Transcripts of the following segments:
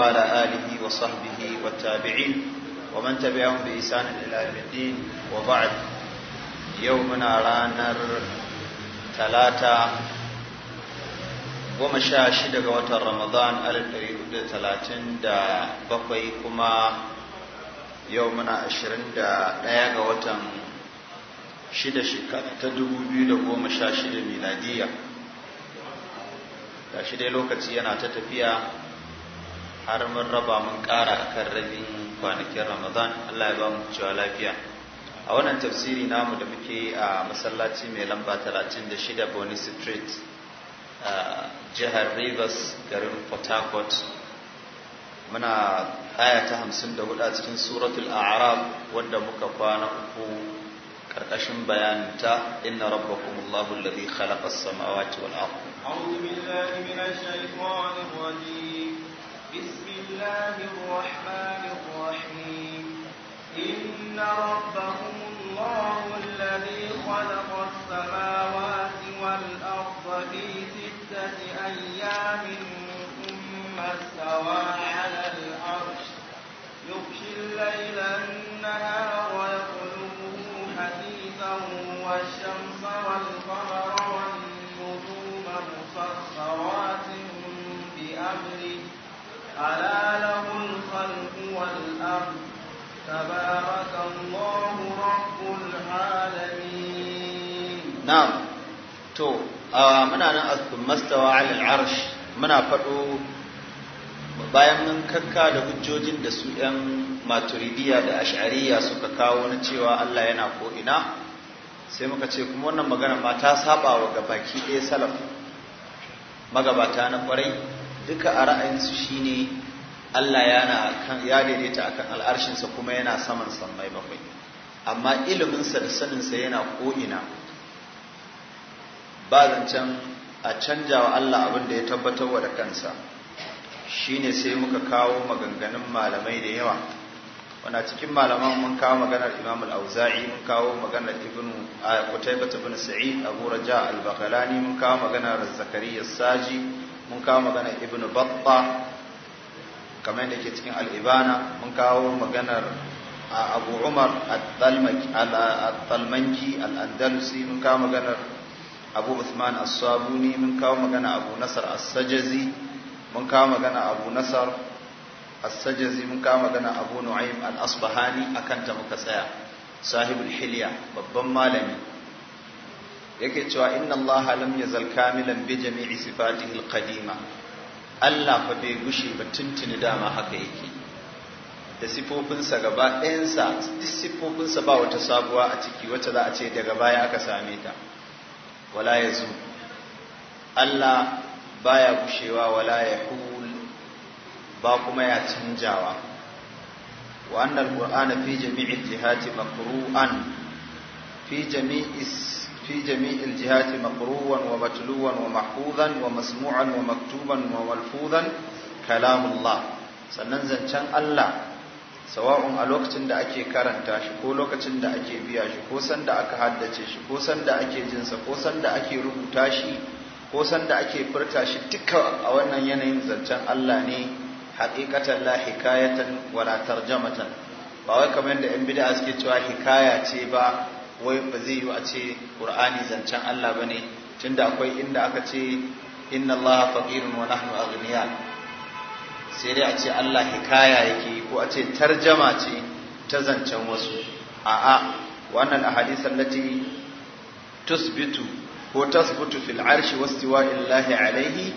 وعلى آله وصحبه والتابعين ومن تبعهم بإحسان إلى يوم الدين وبعد يومنا رانر ثلاثة goma sha shida ga watan Ramadan alif ɗari hudu da talatin da bakwai kuma yau muna ashirin da ɗaya ga watan shida shekara ta dubu biyu da goma sha shida miladiya ga shi dai lokaci yana ta tafiya har mun raba mun ƙara kan rabin kwanakin ramadan allah ya ba mu cewa lafiya a wannan tafsiri namu da muke a masallaci mai lamba 36 boni street jihar rivers garin port harcourt muna aya ta 54 a cikin suratul a'rab wanda muka kwana uku karkashin bayananta inna rabbakumullahu alladhi khalaqa as-samawati wal ardh a'udhu billahi minash shaitanir rajim بسم الله الرحمن الرحيم إن ربكم الله الذي خلق السماوات والأرض في ستة أيام ثم استوى على العرش يغشي الليل النهار ويطلبه حديثا والشمس والقمر ألا له الخلق والأمر تبارك الله رب العالمين نعم تو muna nan mastawa alal arsh muna faɗo bayan mun kakka da hujjojin da su 'yan maturidiya da ash'ariya suka kawo na cewa Allah yana ko'ina sai muka ce kuma wannan magana ma ta saba wa gabaki ɗaya salaf magabata na ƙwarai duka a ra'ayinsu shine Allah ya daidaita akan al'arshinsa kuma yana saman sammai bakwai amma iliminsa da saninsa yana ko'ina ba zancen a wa Allah abin da ya tabbatar wa da kansa shine sai muka kawo maganganun malamai da yawa wana cikin malaman mun kawo maganar imam al-auza'i mun kawo maganar ibn qutaybah ibn sa'id abu raja al baqalani mun kawo maganar zakariya saji mun kawo magana ibn batta kamar yadda ke cikin al'ibana mun kawo maganar abu umar al-talmanki al-andalusi mun kawo maganar abu usman as-sabuni mun kawo magana abu nasar as-sajazi mun kawo magana abu nasar as-sajazi mun kawo magana abu nu'aym al-asbahani akan ta muka tsaya sahibul hilya babban malami yake cewa inna allaha lam yazal kamilan bi jami'i sifatihi alqadima Allah fa bai gushe ba tuntuni dama haka yake da sifofinsa gaba ɗayansa duk sifofinsa ba wata sabuwa a ciki wacce za a ce daga baya aka same ta wala ya zo. Allah baya gushewa wala ya hul ba kuma ya canjawa wa annal qur'ana fi jami'i jihati makru'an fi jami'is في جميع الجهات مقروا ومتلوا ومحفوظا ومسموعا ومكتوبا وملفوظا كلام الله sannan zancen Allah sawa'un a lokacin da ake karanta shi ko lokacin da ake biya shi ko sanda aka haddace shi ko sanda ake jinsa ko sanda ake rubuta shi ko sanda ake furta shi duka a wannan yanayin zancen Allah ne haqiqatan la hikayatan wala tarjamatan ba wai kamar yadda 'yan bid'a suke cewa hikaya ce ba wai ba zai yi a ce qur'ani zancen Allah ba bane tunda akwai inda aka ce inna Allah faqirun wa nahnu aghniya sai dai a ce Allah hikaya yake ko a ce tarjama ce ta zancen wasu a'a wannan ahadith allati tusbitu ko tasbutu fil arshi wastiwa'i illahi alaihi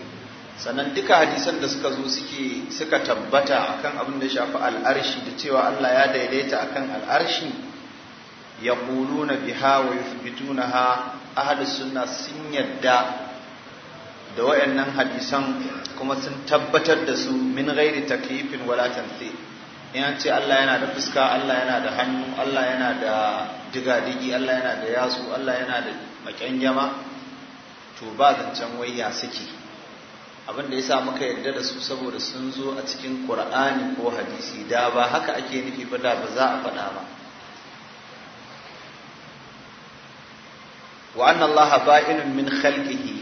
sannan duka hadisan da suka zo suke suka tabbata akan abin da shafi al'arshi da cewa Allah ya daidaita akan al'arshi na biha wa yuthbitunaha ha, sunna sun yadda da wayannan hadisan kuma sun tabbatar da su min ghairi taklifin wala tanthil in an ce Allah yana da fuska Allah yana da hannu Allah yana da digadigi Allah yana da yatsu Allah yana da makyangama to ba zancen wayya suke abin da yasa muka yarda da su saboda sun zo a cikin Qur'ani ko hadisi da ba haka ake nufi ba da ba za a faɗa ba wa anna allaha ba'inun min khalqihi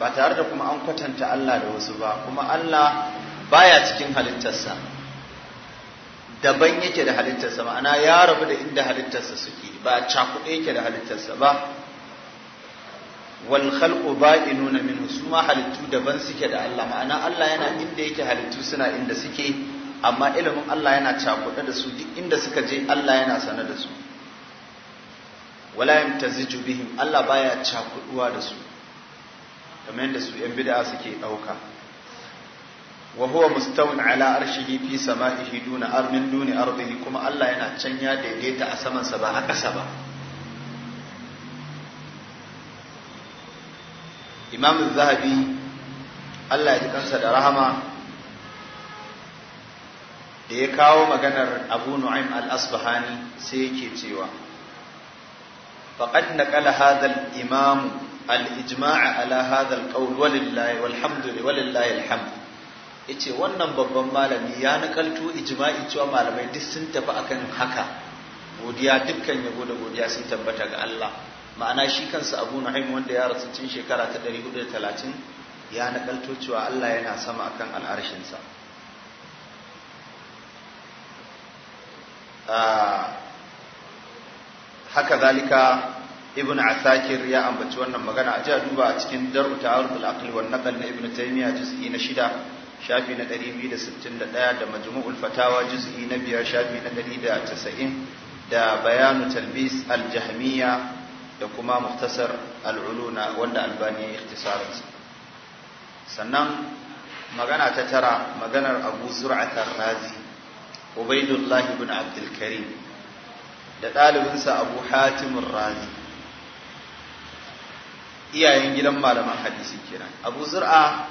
ba tare da kuma an kwatanta Allah da wasu ba kuma Allah baya cikin halittarsa daban yake da halittarsa ma'ana ya rabu da inda halittarsa suke ba cakuɗe yake da halittarsa ba wal khalqu ba'inuna min su ma halittu daban suke da Allah ma'ana Allah yana inda yake halittu suna inda suke amma ilimin Allah yana cakuɗe da su duk inda suka je Allah yana sane da su wala yamtaziju bihim Allah baya cakuduwa da su kamar yadda su yan bid'a suke dauka wa huwa mustawin ala arshihi fi sama'ihi duna armin duni ardihi kuma Allah yana can ya daidaita a saman sa ba a kasa ba Imam Zahabi Allah ya ji kansa da rahama da ya kawo maganar Abu Nu'aym al-Asbahani sai yake cewa فقد نقل هذا الإمام imam على هذا ala ولله والحمد لله ولله الحمد yace wannan babban malami ya nakalto ijma'i cewa malamai duk sun tafi akan haka godiya dukkan yabo da godiya sun tabbata ga Allah ma'ana shi kansa Abu Nu'aym wanda ya rasu cikin shekara ta 430 ya nakalto cewa Allah yana sama akan al'arshinsa sa haka zalika ibn asakir ya ambaci wannan magana a jiya duba a cikin daru ta'arudul aqli wan naql na ibn taymiya juz'i na shida shafi na 261 da majmu'ul fatawa juz'i na biyar shafi na 190 da bayanu talbis al-jahmiya da kuma muhtasar al-uluna wanda albani ya ikhtisarin sannan magana ta tara maganar abu zur'atar razi ubaidullahi ibn abdul da ɗalibinsa abu hatimin razi iyayen gidan malaman hadisi kenan abu zur'a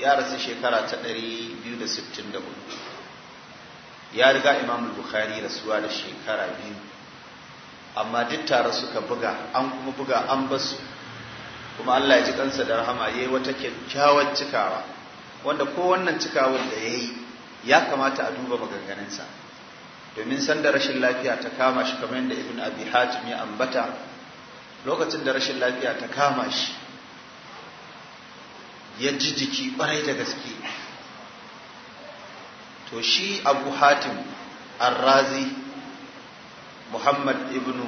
ya rasu shekara ta 264 ya riga imam bukhari rasuwa da shekara biyu amma duk tare suka buga an kuma buga an basu kuma allah ya ji kansa da rahama yayi yi wata kyakkyawar cikawa wanda ko wannan cikawar da yayi ya kamata a duba maganganunsa domin san da rashin lafiya ta kama shi kamar yadda ibn abi hatim ya ambata lokacin da rashin lafiya ta kama shi ya ji jiki kwarai da gaske to shi abu hatim arrazi muhammad ibn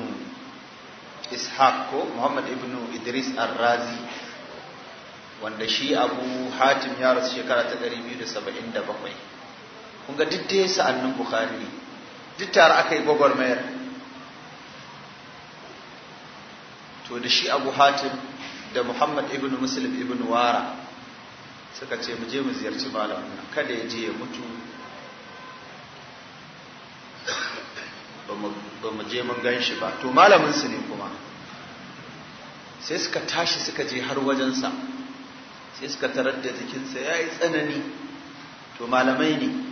ishaq ko muhammad ibn idris arrazi wanda shi abu hatim ya rasu shekara ta 277 kun ga duk sa'annin bukhari ne duk tare aka yi gwagwarmayar to da shi abu hatim da muhammad ibn muslim ibn wara suka ce mu je mu ziyarci malamin kada ya je ya mutu ba mu je mun gan shi ba to malaminsu ne kuma sai suka tashi suka je har wajensa sai suka tarar da jikinsa ya yi tsanani to malamai ne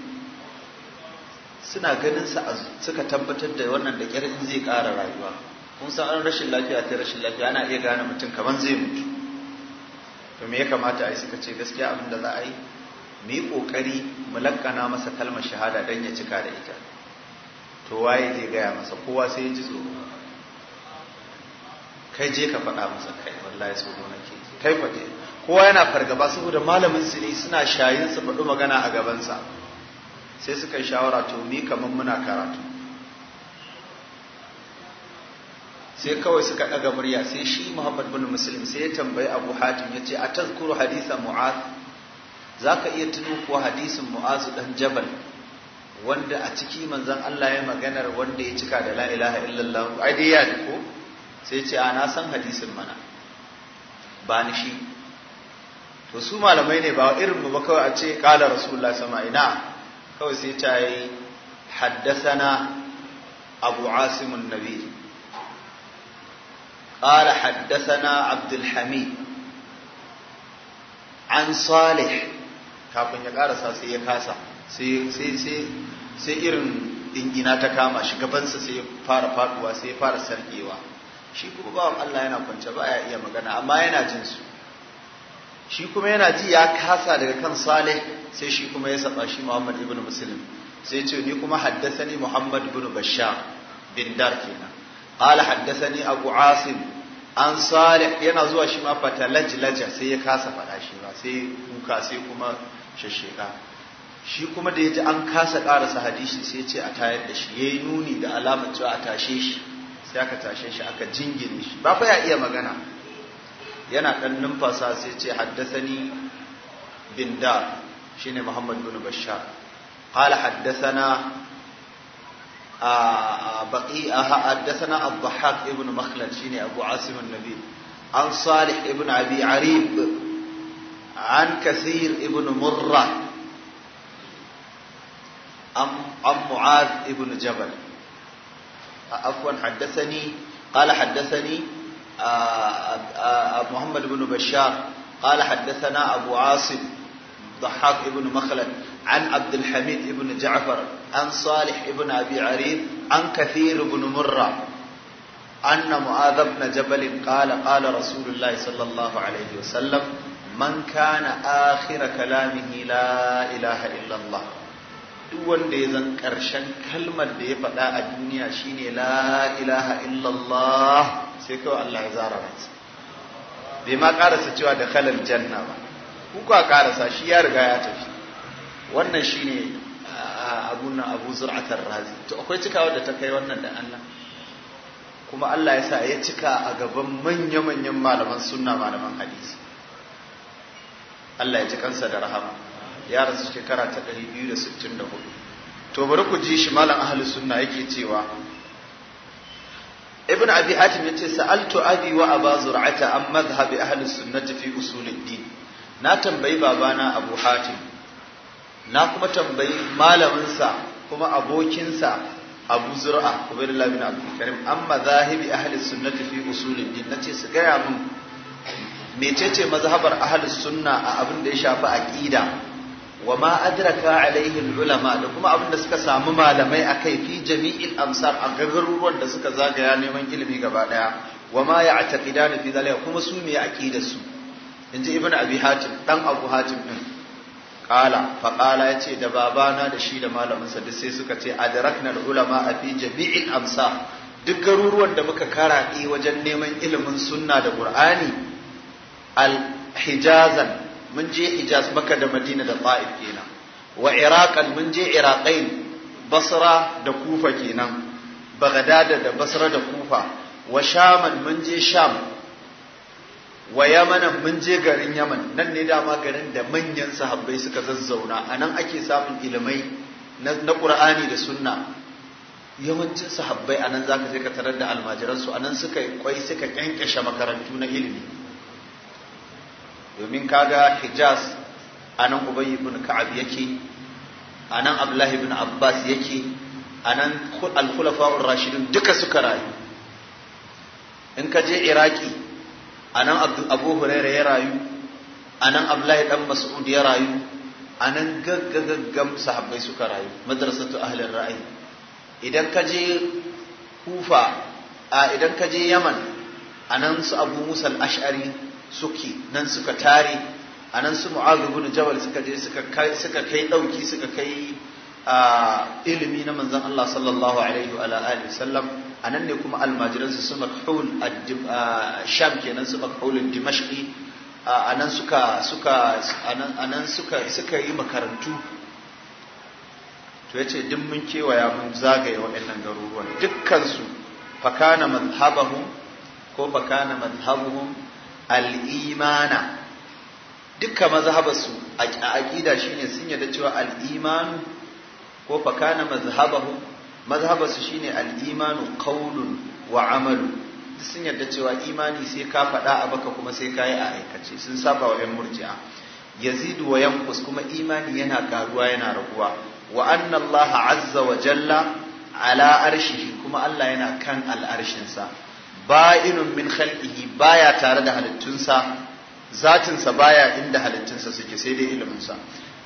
suna ganin sa suka tabbatar da wannan da kyar in zai ƙara rayuwa kun san an rashin lafiya ta rashin lafiya ana iya gane mutum kaman zai mutu to me ya kamata ai suka ce gaskiya abin da za a yi mu yi ƙoƙari mu lakkana masa kalmar shahada don ya cika da ita to waye zai gaya masa kowa sai ya ji tsoro kai je ka faɗa masa kai wallahi tsoro nake kai faɗe kowa yana fargaba saboda malamin su ne suna shayin su faɗi magana a gabansa sai suka yi shawara to ni kamar muna karatu sai kawai suka ɗaga murya sai shi muhammad bin muslim sai ya tambayi abu hatim ya ce a tazkuru hadisa mu'az za ka iya tuno kuwa hadisin mu'azu dan jabal wanda a ciki manzan Allah ya maganar wanda ya cika da la ilaha illallah ai dai ya ko sai ce a na san hadisin mana ba ni shi to su malamai ne ba irin mu ba kawai a ce kala rasulullah sama ina kawai sai ta yi haddasana abu asimun nabi ƙara haddasa na الحميد an tsale, kafin ya karasa sai ya kasa sai irin dingina ta kama shi gabansa sai ya fara faduwa sai ya fara sarkewa shi kuma bawan Allah yana kwance ba baya iya magana amma yana jinsu. shi kuma yana ji ya kasa daga kan salih sai shi kuma ya saba shi muhammad ibn muslim sai ce ni kuma haddasani muhammad ibn bashar bin dar kenan qala haddasani abu asim an salih yana zuwa shi ma fata fatalajlaja sai ya kasa faɗa shi ba sai kuka sai kuma shasheka shi kuma da yaji an kasa karasa hadisi sai ce a tayar da shi yayi nuni da alamar cewa a tashe shi sai aka tashe shi aka jingine shi ba fa ya iya magana yana ɗan numfasa sai ce haddasani bin da shi ne Muhammad bin Bashar qala haddasana baqi haddasana Abdahak ibn Makhlad shine Abu Asim an-Nabi an Salih ibn Abi Arib an Kathir ibn Murrah عن معاذ ابن جبل عفوا حدثني قال حدثني محمد بن بشار قال حدثنا أبو عاصم ضحاك ابن مخلد عن عبد الحميد ابن جعفر عن صالح ابن أبي عريب عن كثير بن مرة أن معاذ بن جبل قال قال رسول الله صلى الله عليه وسلم من كان آخر كلامه لا إله إلا الله duk wanda ya zan ƙarshen kalmar da ya faɗa a duniya shine la ilaha illallah sai kawai Allah ya zara ransa bai ma karasa cewa da kalar janna ba kuka karasa shi ya riga ya tafi wannan shine abun nan abu zur'atar razi to akwai cikawa da ta kai wannan da Allah kuma Allah ya sa ya cika a gaban manya-manyan malaman sunna malaman hadisi Allah ya ji kansa da rahama ya rasu shekara ta 264 to bari ku ji shi malam ahlus sunna yake cewa ibn abi hatim yace sa'altu abi wa aba zur'ata an madhhab ahli sunnati fi usuluddin na tambayi babana abu hatim na kuma tambayi malaminsa kuma abokinsa abu zur'a ubaydullah bin abdul karim an madhahibi ahli sunnati fi usuluddin nace su gaya min mecece mazhabar ahli sunna a abin da ya shafi aqida wa ma adraka alaihi ulama da kuma abin da suka samu malamai akai fi jami'il amsar a garuruwan da suka zagaya neman ilimi gaba daya wa ma ya'taqidanu fi zalika kuma su me aqidar su inji ibnu abi hatim dan abu hatim din qala fa qala yace da babana da shi da malamin sa sai suka ce adrakna ulama fi jami'il amsar duk garuruwan da muka karaɗe wajen neman ilimin sunna da qur'ani al hijazan mun je Hijaz Makka da Madina da Ta'if kenan wa Iraqan mun je Iraqain Basra da Kufa kenan Baghdad da Basra da Kufa wa Shaman mun je Sham wa Yamanan mun je garin Yaman nan ne dama garin da manyan sahabbai suka zazzauna anan ke samun ilimai na Qur'ani da Sunna yawancin sahabbai a nan za ka je ka tarar da almajiransu a nan suka kwai suka kyankyashe makarantu na ilimi domin kaga hijaz a nan ubayi ibn ka'ab yake a nan abdullahi ibn abbas yake a nan alkhulafa'ur rashidun duka suka rayu in ka je iraki a nan abu huraira ya rayu a nan abdullahi dan mas'ud ya rayu a nan gaggagaggam sahabbai suka rayu madrasatu ahlin ra'ayi idan ka je kufa a idan ka je yaman a nan su abu musal ashari suke nan suka tare a nan su mu'adu bin jabal suka je suka kai suka kai dauki suka kai ilimi na manzon Allah sallallahu alaihi wa alihi sallam a nan ne kuma almajiran su su makhul sham kenan su makhul dimashqi a nan suka suka a nan suka suka yi makarantu to yace duk mun kewaya mun zagaye waɗannan garuruwan dukkan su fakana mazhabahum ko fakana madhhabuhum al'imana duka mazhabarsu a aƙida shine sun yarda cewa al'imanu ko fakana mazhabahu mazhabarsu shine al'imanu qaulun wa amalu duk sun yarda cewa imani sai ka faɗa a baka kuma sai ka yi a aikace sun saba wa 'yan murji'a yazidu wa yanqus kuma imani yana karuwa yana raguwa wa anna azza wa jalla ala arshihi kuma Allah yana kan al'arshinsa ba'inun min khalqihi baya tare da halittunsa zatinsa baya inda halittunsa suke sai dai iliminsa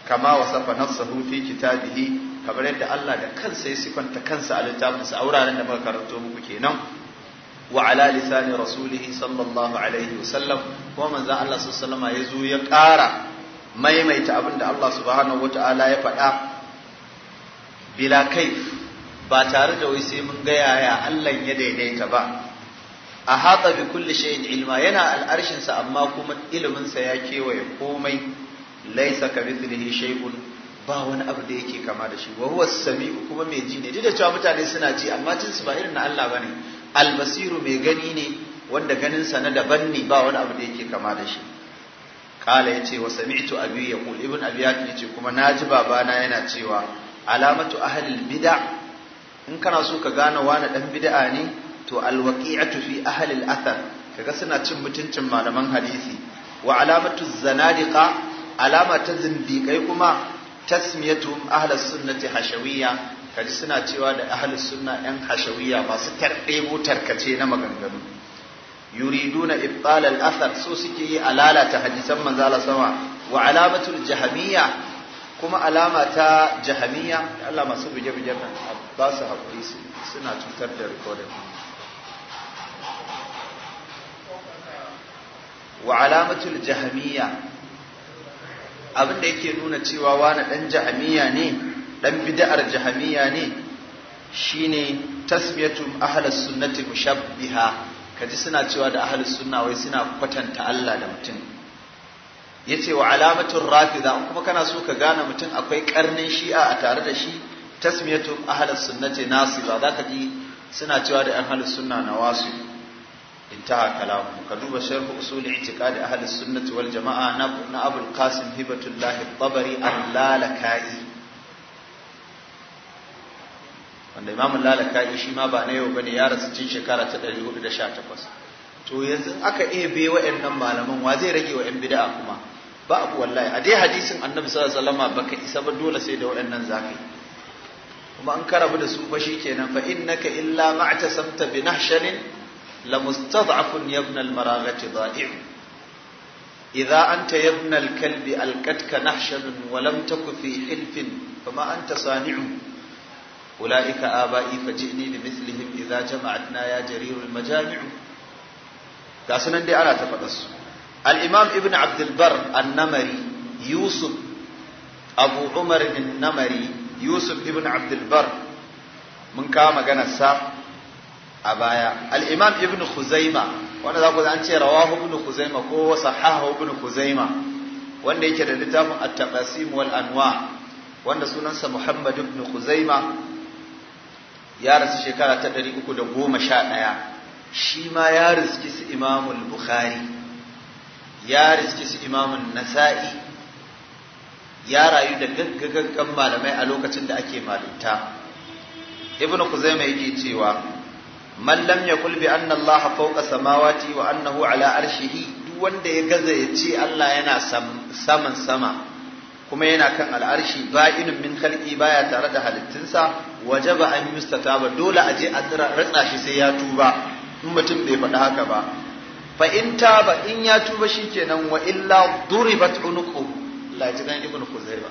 kama wasafa nafsahu fi kitabihi kamar yadda Allah da kansa ya sifanta kansa a littafinsa a wuraren da muka karanto muku kenan wa ala lisani rasulih sallallahu alaihi wasallam kuma manzo Allah sallallahu alaihi wasallam ya zo ya ƙara maimaita abin da Allah subhanahu wataala ya faɗa bila kai ba tare da wai sai mun ga yaya Allah ya daidaita ba ahata bi kulli shay'in ilma yana al'arshin sa amma kuma iliminsa ya kewaye komai laisa ka mithlihi shay'un ba wani abu da yake kama da shi wa huwa samiu kuma mai ji ne duk da cewa mutane suna ji amma jin su ba irin na Allah bane albasiru mai gani ne wanda ganin sa na daban ne ba wani abu da yake kama da shi kala yace wa sami'tu abi yaqul ibn abi yace kuma naji babana yana cewa alamatu ahlil bid'a in kana so ka gane wani dan bid'a ne to alwaqi'atu fi ahli al-athar kaga suna cin mutuncin malaman hadisi wa alamatu zanadiqa alama ta zindikai kuma tasmiyatu ahli sunnati hashawiyya kaji suna cewa da ahli sunna yan hashawiyya masu tardebo tarkace na maganganu yuriduna ibtal al-athar so suke yi alala ta hadisan manzo Allah sama wa alamatu jahmiyya kuma alama ta jahmiyya Allah masu buje-bujen ba su haƙuri suna cutar da recording wa alamatul jahmiya abin yake nuna cewa wani dan jahmiya ne dan bid'ar jahmiya ne shine tasmiyatu ahlus sunnati mushabbiha kaji suna cewa da ahlus sunna wai suna kwatanta Allah da mutum yace wa alamatul rafida kuma kana so ka gane mutum akwai karnin shi'a a tare da shi tasmiyatu ahlus sunnati nasiba zaka ji suna cewa da ahlus sunna nawasu انتهى كلامه كذوب duba أصول اعتقاد أهل ahli والجماعة wal jamaa na هبة الله الطبري hibatullah al wanda imamun lalaka shi ma ba na yau ba ne ya rasu cin shekara ta 418 to yanzu aka ebe wa'annan malaman wa zai rage wa'an bida'a kuma ba abu wallahi a dai hadisin annabi sallallahu alaihi wasallam baka isa ba dole sai da wa'annan zakai kuma an karabu da su fa kenan fa innaka illa ma'tasamta bi shanin. lamustad'afun yabna almaraghati dha'im idza anta yabna alkalbi alqatka nahshanun wa lam taku fi hilfin fama anta sani'u ulaika aba'i faji'ni bimithlihim idza jama'atna ya jarirul majami'u ga sunan dai ana ta faɗa su al-imam ibn abd albar an-namari yusuf abu umar bin namari yusuf ibn abd mun kawo maganar a baya al-imam ibn khuzaima wanda za ku an ce rawahu ibn khuzaima ko sahahu ibn khuzaima wanda yake da littafin at-taqasim wal anwa wanda sunansa muhammad ibn khuzaima ya rasu shekara ta 311 shi ma ya riski su imam al-bukhari ya riski su imam an-nasa'i ya rayu da gaggagan malamai a lokacin da ake malunta ibn khuzaima yake cewa man lam yaqul bi anna Allah fawqa samawati wa annahu ala arshihi duk wanda ya gaza ya ce Allah yana saman sama kuma yana kan al'arshi ba'inun min khalqi baya tare da halittinsa wajaba an yustataba dole a je a ratsa shi sai ya tuba in mutum bai faɗi haka ba fa in taba in ya tuba shikenan wa illa duribat unuku la ji dan ibnu kuzaiba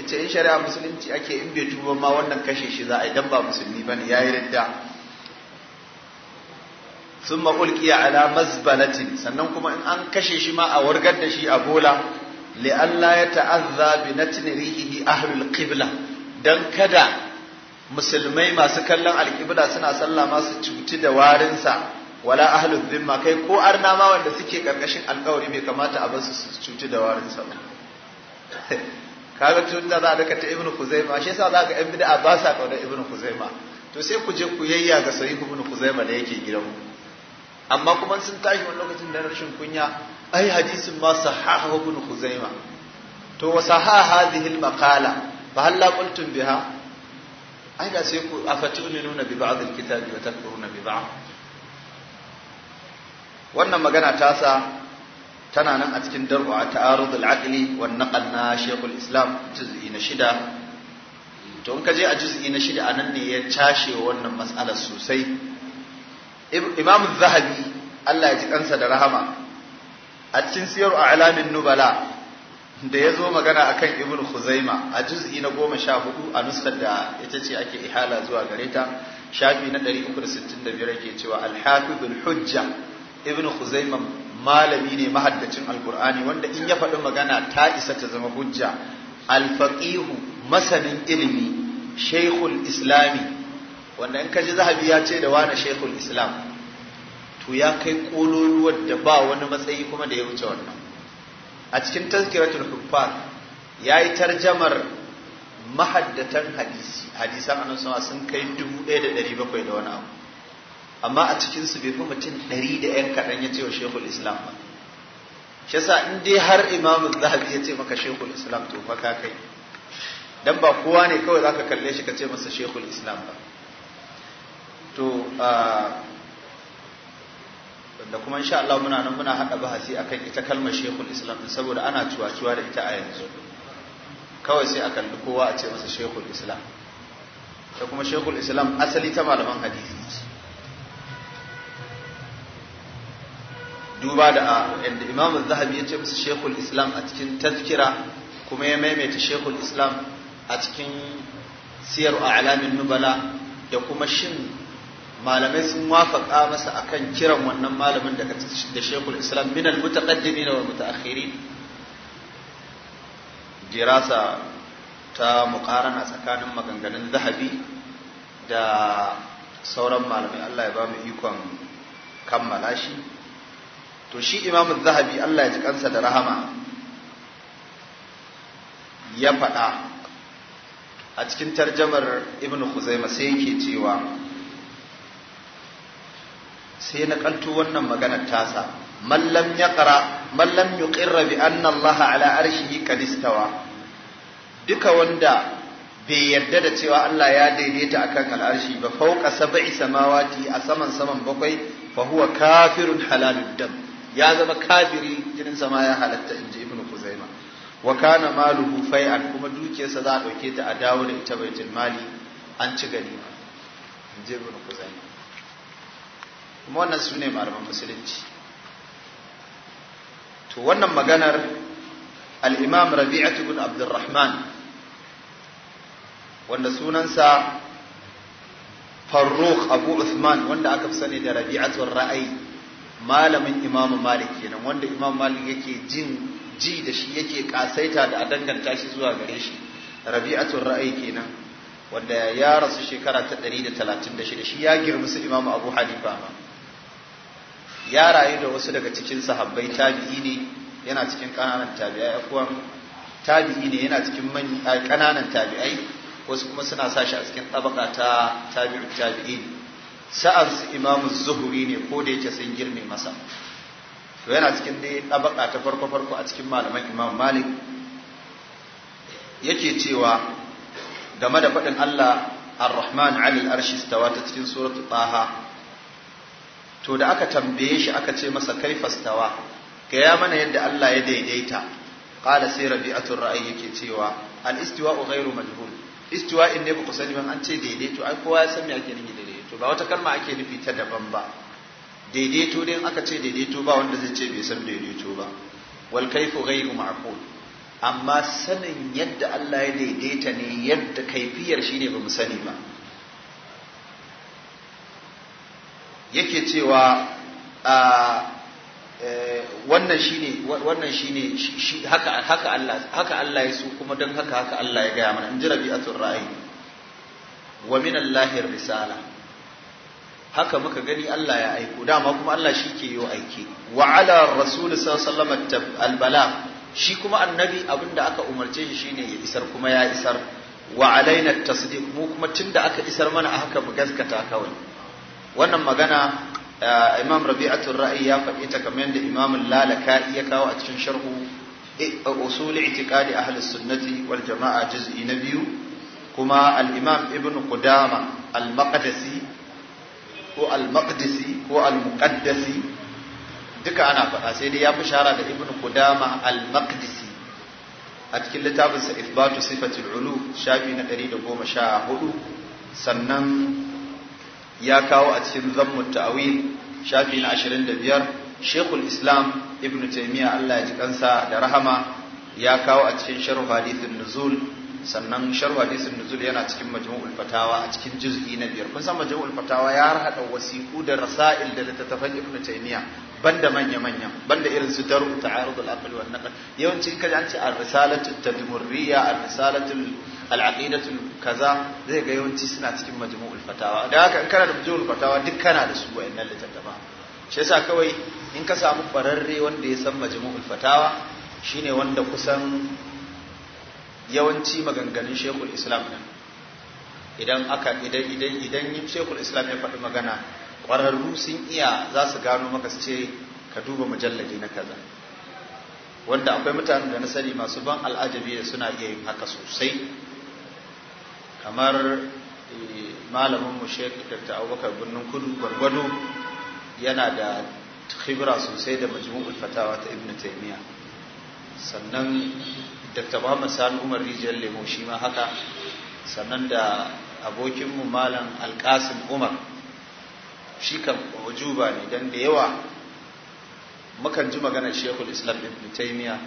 yace in shari'a musulunci ake in bai tuba ma wannan kashe shi za a yi dan ba musulmi bane yayi ridda Sun makulkiya ala mazbalatin sannan kuma in an kashe shi ma a wargar da shi a bola li'alla ya ta'azza bi natni rihihi ahlul qibla dan kada musulmai masu kallon alqibla suna sallah masu su cuti da warinsa wala ahlul dhimma kai ko arna ma wanda suke karkashin alƙawari bai kamata a basu su cuti da warinsa ba kaga tun da za ka ta ibnu kuzaima shi yasa ga yan bid'a ba sa kaunar ibnu kuzaima to sai ku je ku yayya ga sahihu ibnu kuzaima da yake gidanmu. amma kuma sun tashi wani lokacin da rashin kunya ai hadisin ma sahaha ibn khuzaima to wa sahaha hadhihi al maqala fa hal la qultum biha ai sai ku afatu'minuna bi ba'd al kitabi wa takfuruna bi ba'd wannan magana ta sa tana nan a cikin darbu a ta'arud al aqli wa naqal na shaykhul islam juz'i na shida to in ka je a juz'i na shida anan ne ya cashewa wannan mas'alar sosai imam zahabi Allah ya ji kansa da rahama a cikin siyar alamin nubala da ya zo magana akan ibn khuzaima a juz'i na goma sha hudu a nuskar da ita ce ake ihala zuwa gare ta shafi na 365 yake cewa bin hujja ibn khuzaima malami ne mahaddacin alkur'ani wanda in ya faɗi magana ta isa ta zama hujja alfaqihu masanin ilimi shaykhul islami wanda in ka ji zahabi ya ce da wani shekul islam to ya kai kololuwar da ba wani matsayi kuma da ya wuce wannan a cikin tazkiratul kuffar ya yi tarjamar mahaddatan hadisi hadisan annabi sun kai dubu ɗaya da wani abu amma a cikin su bai fi mutum ɗari da yan kaɗan ya ce wa shekul islam ba shi yasa in dai har imamu zahabi ya ce maka shekul islam to fa ka kai dan ba kowa ne kawai zaka kalle shi ka ce masa shekul islam ba to da kuma insha Allah muna nan muna hada bahasi akan ita kalmar Sheikhul Islam saboda ana cuwa-cuwa da ita a yanzu kawai sai a kalli kowa a ce masa Sheikhul Islam ta kuma Sheikhul Islam asali ta malaman hadisi duba da yadda Imam Zahabi ya ce masa Sheikhul Islam a cikin tazkira kuma ya maimaita Sheikhul Islam a cikin siyar a'lamin nubala da kuma shin malamai sun wafaka masa akan kiran wannan malamin daga da Sheikhul Islam min al wa wal mutaakhirin dirasa ta muqarana tsakanin maganganun zahabi da sauran malamai Allah ya ba mu ikon kammala shi to shi Imam Zahabi Allah ya ji kansa da rahama ya faɗa a cikin tarjamar Ibnu Khuzaimah sai yake cewa sai na kanto wannan maganar tasa mallam ya kara mallam ya yuqirra bi anna Allah ala arshihi kadistawa duka wanda bai yarda da cewa Allah ya daidaita akan al'arshi ba fauka sab'i samawati a saman saman bakwai fa huwa kafirun halalud dam ya zama kafiri jinin sama ya halatta inji ibnu kuzaima wa kana maluhu fai'an kuma dukiyarsa za a dauke ta a dawo da ita baitul mali an ci gani inji ibnu kuzaima kuma wannan su ne malaman musulunci to wannan maganar al'imam rabi'atu bin abdurrahman wanda sunansa farruk abu Uthman wanda aka fi sani da rabi'atun ra'ayi malamin imam malik kenan wanda imam malik yake jin ji da shi yake kasaita da a danganta shi zuwa gare shi rabi'atun ra'ayi kenan wanda ya rasu shekara ta 136 shi ya girma su imamu abu hanifa ma ya rayu da wasu daga cikin sahabbai tabi'i ne yana cikin ƙananan tabi'ai afuwan tabi'i ne yana cikin ƙananan tabi'ai wasu kuma suna sa shi a cikin tabaka ta tabi'in sa'ar su imamu zuhuri ne ko da yake sun girme masa to yana cikin dai tabaka ta farko farko a cikin malaman imam malik yake cewa game da faɗin Allah ar-Rahman 'ala al-arshi istawa ta cikin suratu Taha to da aka tambaye shi aka ce masa kai fastawa gaya mana yadda Allah ya daidaita qala sai rabi'atul ra'ayi yake cewa al istiwa'u ghairu majhul in ne ba ku sani ban an ce daidaito ai kowa ya san me ake nufi daidaito ba wata kalma ake nufi ta daban ba daidaito din aka ce daidaito ba wanda zai ce bai san daidaito ba wal kayfu ghairu ma'qul amma sanin yadda Allah ya daidaita ne yadda kaifiyar shine ba mu sani ba yake cewa ah, eh, wannan shine wannan shine haka haka Allah haka Allah ya so kuma dan haka haka Allah ya gaya mana in ji rabi'atul ra'i wa min Allahir risala haka muka gani Allah ya aiko dama kuma Allah shi ke yi aiki wa ala rasul sallallahu alaihi albala shi kuma annabi abinda aka umarce shi shine ya isar kuma ya isar wa alaina tasdiq mu kuma tunda aka isar mana a haka mu gaskata kawai wannan magana eh, imam rabi'atul ra'i ya faɗi ta kamar yadda imam lalaka ya kawo a cikin sharhu usul i'tiqadi ahli sunnati wal jama'a juz'i na biyu kuma al imam ibn qudama al maqdisi ko al maqdisi ko al muqaddasi duka ana faɗa sai dai ya fi shara da ibn qudama al maqdisi a cikin littafinsa ifbatu sifatul ulu shafi na 114 sannan ya kawo a cikin zammu ta'awil shafi na biyar shekul Islam Ibn taimiyya Allah ya ji kansa da rahama ya kawo a cikin sharh hadithin nuzul sannan sharh hadisin nuzul yana cikin majmu'ul fatawa a cikin juz'i na biyar kun san majmu'ul fatawa ya hada wasiku da rasail da littattafan ibnu ban banda manya manya banda irin su daru ta'arud al-aql yawancin naql yawanci kaje an ce ar-risalatu at-tadmurriya ar-risalatu al'aqidatul kaza zai ga yawanci suna cikin majmu'ul fatawa da haka in kana da majmu'ul fatawa duk kana da su wayannan littattafa shi yasa kawai in ka samu kwararre wanda ya san majmu'ul fatawa shine wanda kusan yawanci maganganun shekul islam nan idan aka idan idan shekul islam ya faɗi magana ƙwararru sun iya za su gano maka su ce ka duba mujalladi na kaza wanda akwai mutanen da na sani masu ban al'ajabi da suna iya yin haka sosai kamar eh, malamin mu da Dr. Abubakar Birnin Kudu gwargwado yana da khibra sosai da majmu'ul fatawa ta Ibn taimiyya sannan Dr. Muhammad Sani Umar Rijiyar Lemo shi ma haka sannan da abokinmu malam alkasim umar shi kan wajuba ne don da yawa mukan ji maganar shekul islam ibn taimiya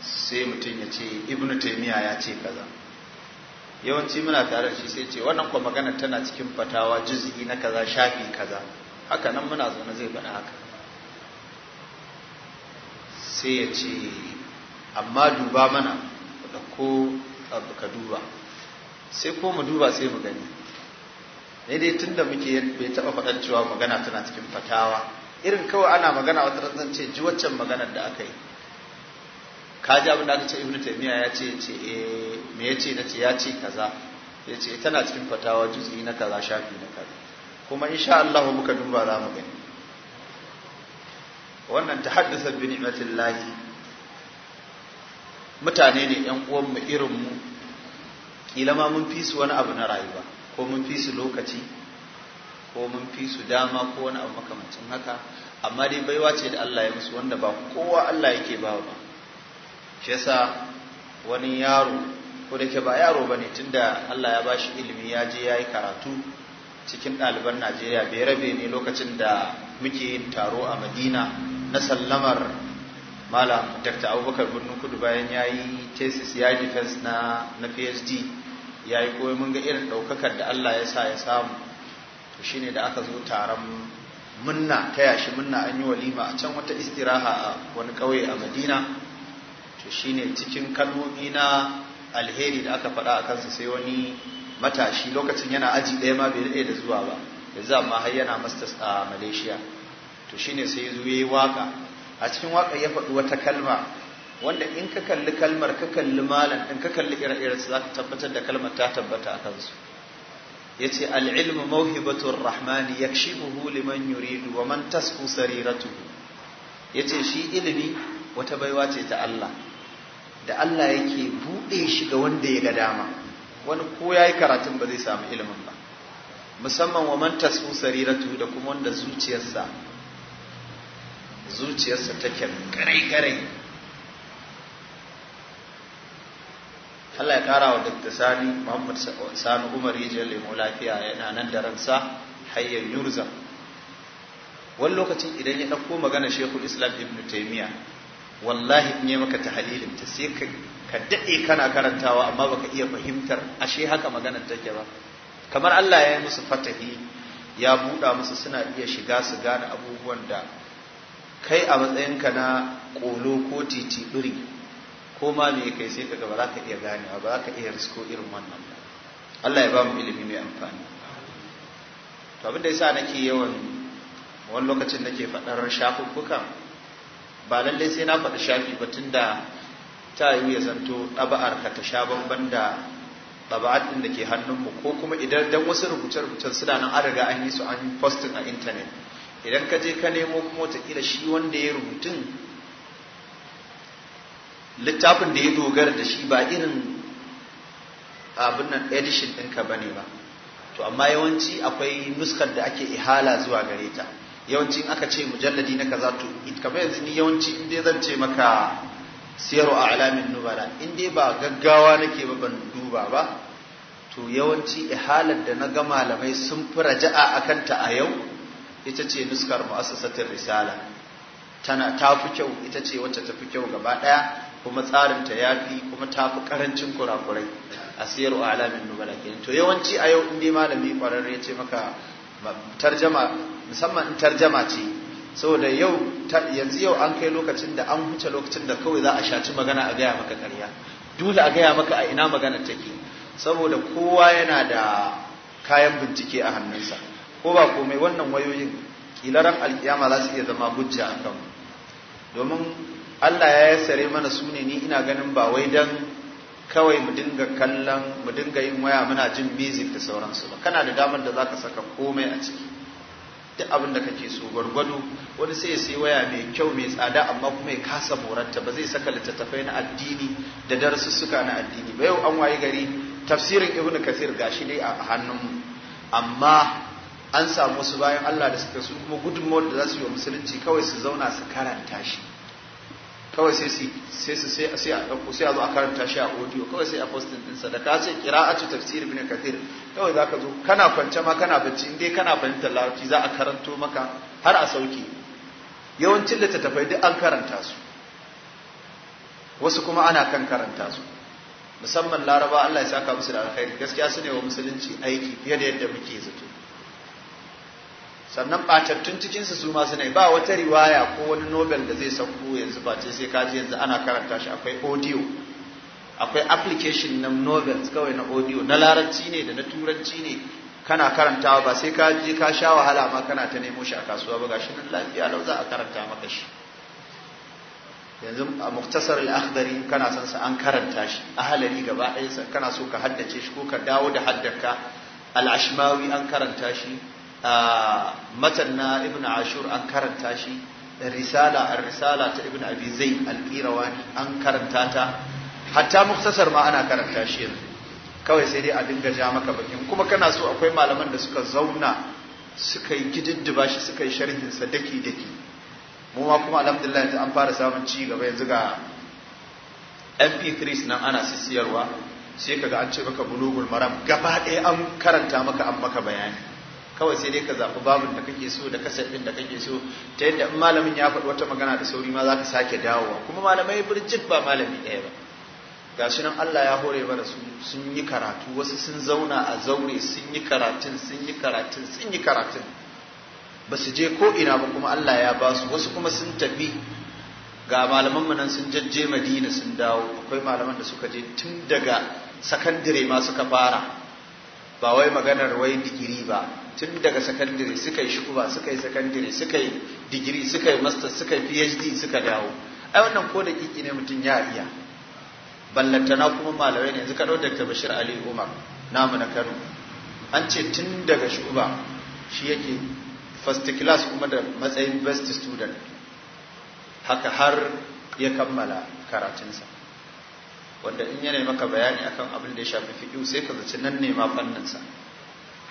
sai mutum ya ce ibn taimiya ya ce kaza yawanci muna tare da shi sai ce wannan kuma magana tana cikin fatawa juz'i na kaza shafi kaza haka nan muna zaune zai faɗi haka sai ya ce amma duba mana da ko ka duba sai ko mu duba sai mu gani daidai tun da muke bai taɓa faɗar cewa magana tana cikin fatawa irin kawai ana magana wata zan ce ji waccan maganar da aka yi ka ji abin da aka ce ibn taymiya ya ce ce eh me ce nace ya ce kaza ya ce tana cikin fatawa juz'i na kaza shafi na kaza kuma insha Allah muka duba za mu gani wannan tahaddasa bi ni'matillahi mutane ne yan uwan mu irin mu kila ma mun fi su wani abu na rayuwa ko mun fi su lokaci ko mun fi su dama ko wani abu makamancin haka amma dai baiwa ce da Allah ya musu wanda ba kowa Allah yake bawa ba shi yasa wani yaro ko da ke ba yaro bane tunda Allah ya ba shi ilimi ya je yayi karatu cikin ɗaliban Najeriya bai rabe ne lokacin da muke yin taro a Madina na sallamar Malam Dr. Abubakar Birnin Kudu bayan ya yi thesis ya defense na na PhD yi koyi mun ga irin ɗaukakar da Allah ya sa ya samu to shine da aka zo taron munna ta yashi munna an yi walima a can wata istiraha a wani ƙauye a Madina shine cikin kalmomi na alheri da aka faɗa a kansa sai wani matashi lokacin yana aji ɗaya ma bai daɗe da zuwa ba yanzu amma har yana masters a malaysia to shine sai ya zo ya yi waka a cikin waka ya faɗi wata kalma wanda in ka kalli kalmar ka kalli malam in ka kalli ire-iren su za ka tabbatar da kalmar ta tabbata a kansu ya ce al'ilmu mauhibatun rahmani ya shifuhu liman yuridu wa man tasku sariratuhu ya ce shi ilimi wata baiwa ce ta Allah da Allah yake buɗe shi ga wanda ya ga dama wani ko ya yi karatun ba zai samu ilimin ba musamman wa man tasu sariratu da kuma wanda zuciyarsa zuciyarsa take karai-karai Allah ya kara wa Dr. Sani Muhammad Sani Umar Rijiyar Lemo lafiya yana nan da ransa hayyar Yurza wani lokacin idan ya ɗauko magana Shekul Islam Ibn Taymiyyah wallahi in yi maka tahalilin ta sai ka daɗe kana karantawa amma baka iya fahimtar ashe haka maganar take ba kamar Allah ya yi musu fatahi ya buɗa musu suna iya shiga su gane abubuwan da kai a matsayinka na ƙolo ko titi ɗuri ko ma me kai sai ka gaba za ka iya ganewa ba za ka iya risko irin wannan ba Allah ya ba mu ilimi mai amfani to abin da yasa nake yawan wani lokacin nake faɗar shafukukan. ba lallai sai na faɗi shafi ba tun da ta yi ya zanto ɗaba'ar ka ta sha bamban da ɗaba'ar ɗin da ke hannunmu ko kuma idan dan wasu rubuce-rubucen suna nan an riga an yi su an postin a intanet idan ka je ka nemo kuma wataƙila shi wanda ya rubutun littafin da ya dogara da shi ba irin abin nan edishin ɗinka ba ne ba to amma yawanci akwai nuskar da ake ihala zuwa gare ta Yawancin aka ce mujalladi na kaza to kamar yanzu ni yawanci in zan ce maka siyaru a alamin nubala in dai ba gaggawa nake ba ban duba ba to yawanci ihalar da na ga malamai sun fi raja'a a kanta a yau ita ce nuskar mu'assasatin risala tana ta fi kyau ita ce wacce ta fi kyau gaba ɗaya kuma tsarin ta yafi kuma ta fi ƙarancin kurakurai a siyarwa a alamin nubala kenan to yawanci a yau in dai malami kwararre ya ce maka tarjama musamman in tarjama ce saboda yau yanzu yau an kai lokacin da an huce lokacin da kawai za a shaci magana a gaya maka ƙarya dole a gaya maka a ina magana take saboda kowa yana da kayan bincike a hannunsa ko ba komai wannan wayoyin kilaran alkiyama za su iya zama hujja a kanmu domin Allah ya yasare mana sune ne ni ina ganin ba wai dan kawai mu dinga kallon mu dinga yin waya muna jin music da sauransu ba kana da damar da zaka saka komai a ciki duk abin da kake so gwargwado wani sai ya sai waya mai kyau mai tsada amma kuma ya kasa moranta ba zai saka littattafai na addini da darussuka na addini ba yau an wayi gari tafsirin ibnu kasir gashi dai a hannunmu amma an samu su bayan Allah da suka su kuma gudunmawar da za su yi wa musulunci kawai su zauna su karanta shi kawai sai sai sai sai sai sai a sai a zo a karanta shi a audio kawai sai a postin din da ka ce cutar siri bin kathir kawai ka zo kana kwance ma kana bacci in dai kana fahimtar larabci za a karanto maka har a sauke yawancin littattafai duk an karanta su wasu kuma ana kan karanta su musamman laraba Allah ya saka musu da alkhairi gaskiya su ne wa musulunci aiki fiye da yadda muke zato sannan bacattun cikinsu su suma suna ba wata riwaya ko wani nobel da zai sauko yanzu ba sai kaji yanzu ana karanta shi akwai audio akwai application na novels kawai na audio na larabci ne da na turanci ne kana karantawa ba sai ka ka sha wahala ma kana ta nemo shi a kasuwa ba gashi nan lafiya lau za a karanta maka shi yanzu a muktasar al-akhdari kana son sa an karanta shi a halari gaba ɗaya kana so ka haddace shi ko ka dawo da haddarka al-ashmawi an karanta shi matan na ibn ashur an karanta shi risala ar risala ta ibn abi zain al-qirawani an karanta ta hatta muktasar ma ana karanta shi kawai sai dai a dinga ja maka bakin kuma kana so akwai malaman da suka zauna suka yi gididdiba shi suka yi sharhin sa daki daki mu ma kuma alhamdulillah yanzu an fara samun ci gaba yanzu ga mp3 nan ana sisiyarwa sai kaga an ce maka bulugul maram gaba ɗaya an karanta maka an maka bayani kawai sai dai ka zaɓi babin da kake so da kasar ɗin da kake so ta yadda in malamin ya faɗi wata magana da sauri ma za ka sake dawowa kuma malamai birjit ba malami ɗaya ba ga shi nan Allah ya hore mana su sun yi karatu wasu sun zauna a zaure sun yi karatun sun yi karatun sun yi karatun ba su je ko ina ba kuma Allah ya ba su wasu kuma sun tafi ga malaman mu nan sun jaje Madina sun dawo akwai malaman da suka je tun daga sakandire ma suka fara ba wai maganar wai digiri ba tun daga sakandare suka yi shuba suka yi sakandare suka yi digiri suka yi master suka yi phd suka dawo ai wannan ko da kiki ne mutum ya iya ballantana kuma malamai ne yanzu ka da bashir ali umar namu na kano an ce tun daga shuba shi yake first class kuma da matsayin best student haka har ya kammala karatunsa wanda in yana maka bayani akan abin da ya shafi fiƙi sai ka zaci nan ne ma fannin sa.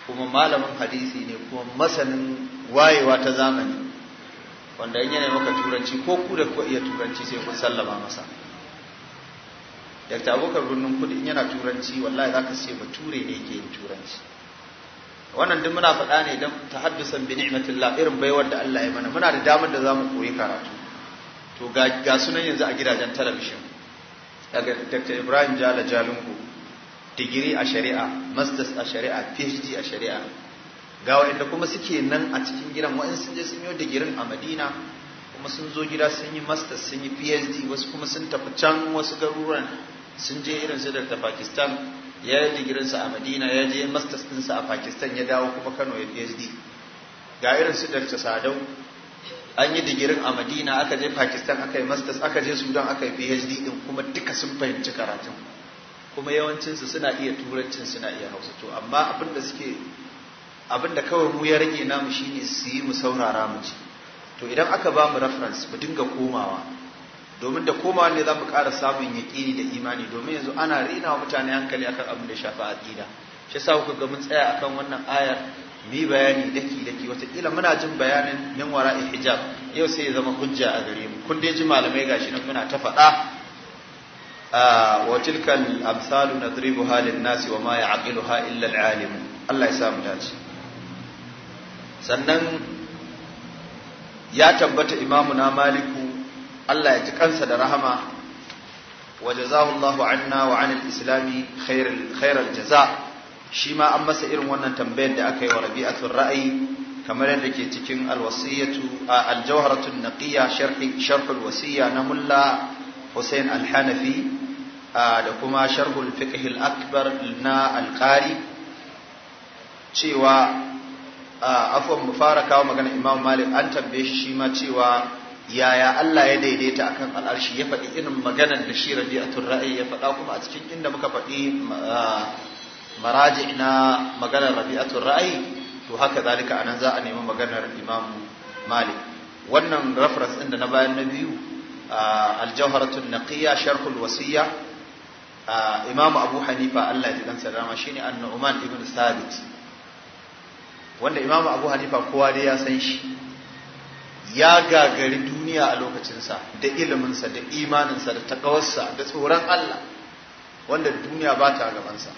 kuma malamin hadisi ne kuma masanin wayewa ta zamani wanda in yana maka turanci ko ku da ku iya turanci sai kun sallama masa ta abokan birnin kudi in yana turanci wallahi za ka ce bature ne ke yin turanci wannan duk muna faɗa ne don ta tahaddusan bi ni'matillah irin baiwar da Allah ya mana muna da damar da za mu koyi karatu to ga sunan yanzu a gidajen talabishin daga Dr. Ibrahim Jala Jalungu digiri a shari'a masters a shari'a phd a shari'a ga waɗanda kuma suke nan a cikin gidan wa'in sun je sun yi digirin a madina kuma sun zo gida sun yi masters sun yi phd wasu kuma sun tafi can wasu garuruwan sun je irin su da pakistan ya yi digirinsa a madina ya je masters ɗinsa a pakistan ya dawo kuma kano ya phd ga irin su da sadau an yi digirin a madina aka je pakistan aka yi masters aka je sudan aka yi phd din kuma duka sun fahimci karatun kuma yawancinsu suna iya turancin suna iya hausa to amma abin da suke abin kawai mu ya rage namu shine su yi mu saurara mu ci to idan aka ba mu reference mu dinga komawa domin da komawa ne za mu ƙara samun yaƙini da imani domin yanzu ana rina mutane hankali akan abin da shafa aƙida shi sa kuka ga mun tsaya akan wannan ayar mi bayani daki daki wataƙila muna jin bayanin min wara'i hijab yau sai ya zama hujja a gare mu kun dai ji malamai gashi nan muna ta faɗa wa tilkal amsalu nadribuha lin nasi wa ma ya'qiluha illa al-alim Allah ya sa mu sannan ya tabbata imamu na maliku Allah ya ji kansa da rahama wa jazahu Allahu anna wa anil islami khairal jaza. shi ma an masa irin wannan tambayar da aka yi wa rabi'atul ra'ayi kamar yadda ke cikin alwasiyatu aljawharatun naqiyya sharh sharh alwasiyya na mulla Hussein al-Hanafi da kuma sharhul fiqh akbar na al-qari cewa afwan mu fara kawo magana Imam Malik an tambaye shi shi ma cewa yaya Allah ya daidaita akan al'arshi ya faɗi irin maganar da shi rabi'atul ra'ayi ya faɗa kuma a cikin inda muka faɗi maraji na maganar rabi'atul ra'ayi to haka zalika anan za a nemi maganar Imam Malik wannan reference ɗin da na bayan na biyu aljawharatul naqiya sharhul wasiyya Imam Abu Hanifa Allah ya gansa rama shine An-Nu'man ibn Sabit wanda Imam Abu Hanifa kowa dai ya san shi ya gagari duniya a lokacinsa da iliminsa da imaninsa da takawarsa da tsoron Allah wanda duniya ba ta gabansa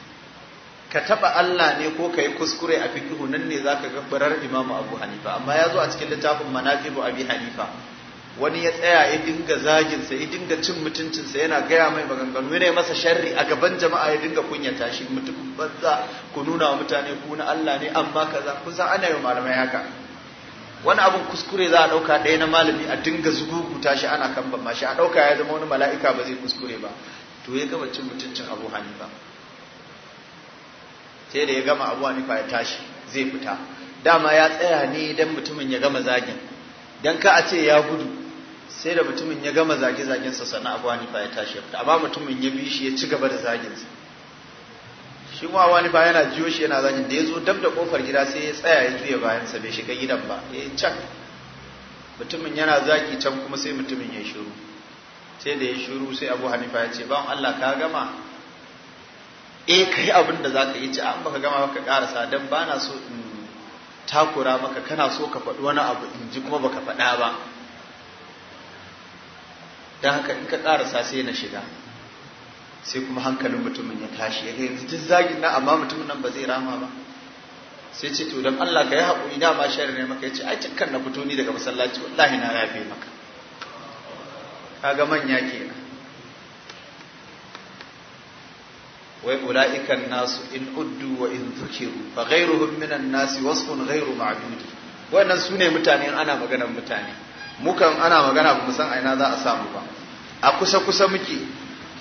ka taɓa Allah ne ko ka yi kuskure a fikihu nan ne zaka ga barar Imam Abu Hanifa amma ya zo a cikin littafin Manaqibu Abi Hanifa wani ya tsaya ya dinga zaginsa ya dinga cin mutuncinsa yana gaya mai maganganu ne masa sharri a gaban jama'a ya dinga kunyata shi mutum banza ku nuna wa mutane ku na Allah ne amma kaza kun san ana yi malamai haka wani abun kuskure za a ɗauka ɗaya na malami a dinga ku shi ana kan ban shi a ɗauka ya zama wani mala'ika ba zai kuskure ba to ya gama cin mutuncin abu hanifa sai da ya gama abu hanifa ya tashi zai fita dama ya tsaya ne dan mutumin ya gama zagin dan ka a ce ya gudu sai da mutumin ya gama zage-zagen sa sannan abu hanifa ya tashi ya fita amma mutumin ya bi shi ya ci gaba da zaginsa. sa shi kuma wani ba yana jiyo shi yana zagin da ya zo dab da kofar gida sai ya tsaya ya juya bayan sa bai shiga gidan ba ya can mutumin yana zagi can kuma sai mutumin ya shiru sai da ya shiru sai abu hanifa ya ce bawan allah ka gama E eh, kai abin da za ka yi ci an ah, baka gama baka karasa don ba na so in takura maka kana so ka faɗi wani abu in ji kuma baka faɗa ba don haka in ka karasa sai na shiga sai kuma hankalin mutumin ya tashi ya yanzu duk zagin na amma mutumin nan ba zai rama ba sai ce to don Allah ka yi haƙuri ma shari ne maka ya ce ai kan na fito ni daga masallaci wallahi na rafe maka kaga manya ke. wai ula'ikan nasu in uddu wa in zukiru fa ghairuhum minan nasi wasfun ghairu ma'dudi wannan sune mutane ana maganar mutane mukan ana magana ba mu san aina za a samu ba a kusa kusa muke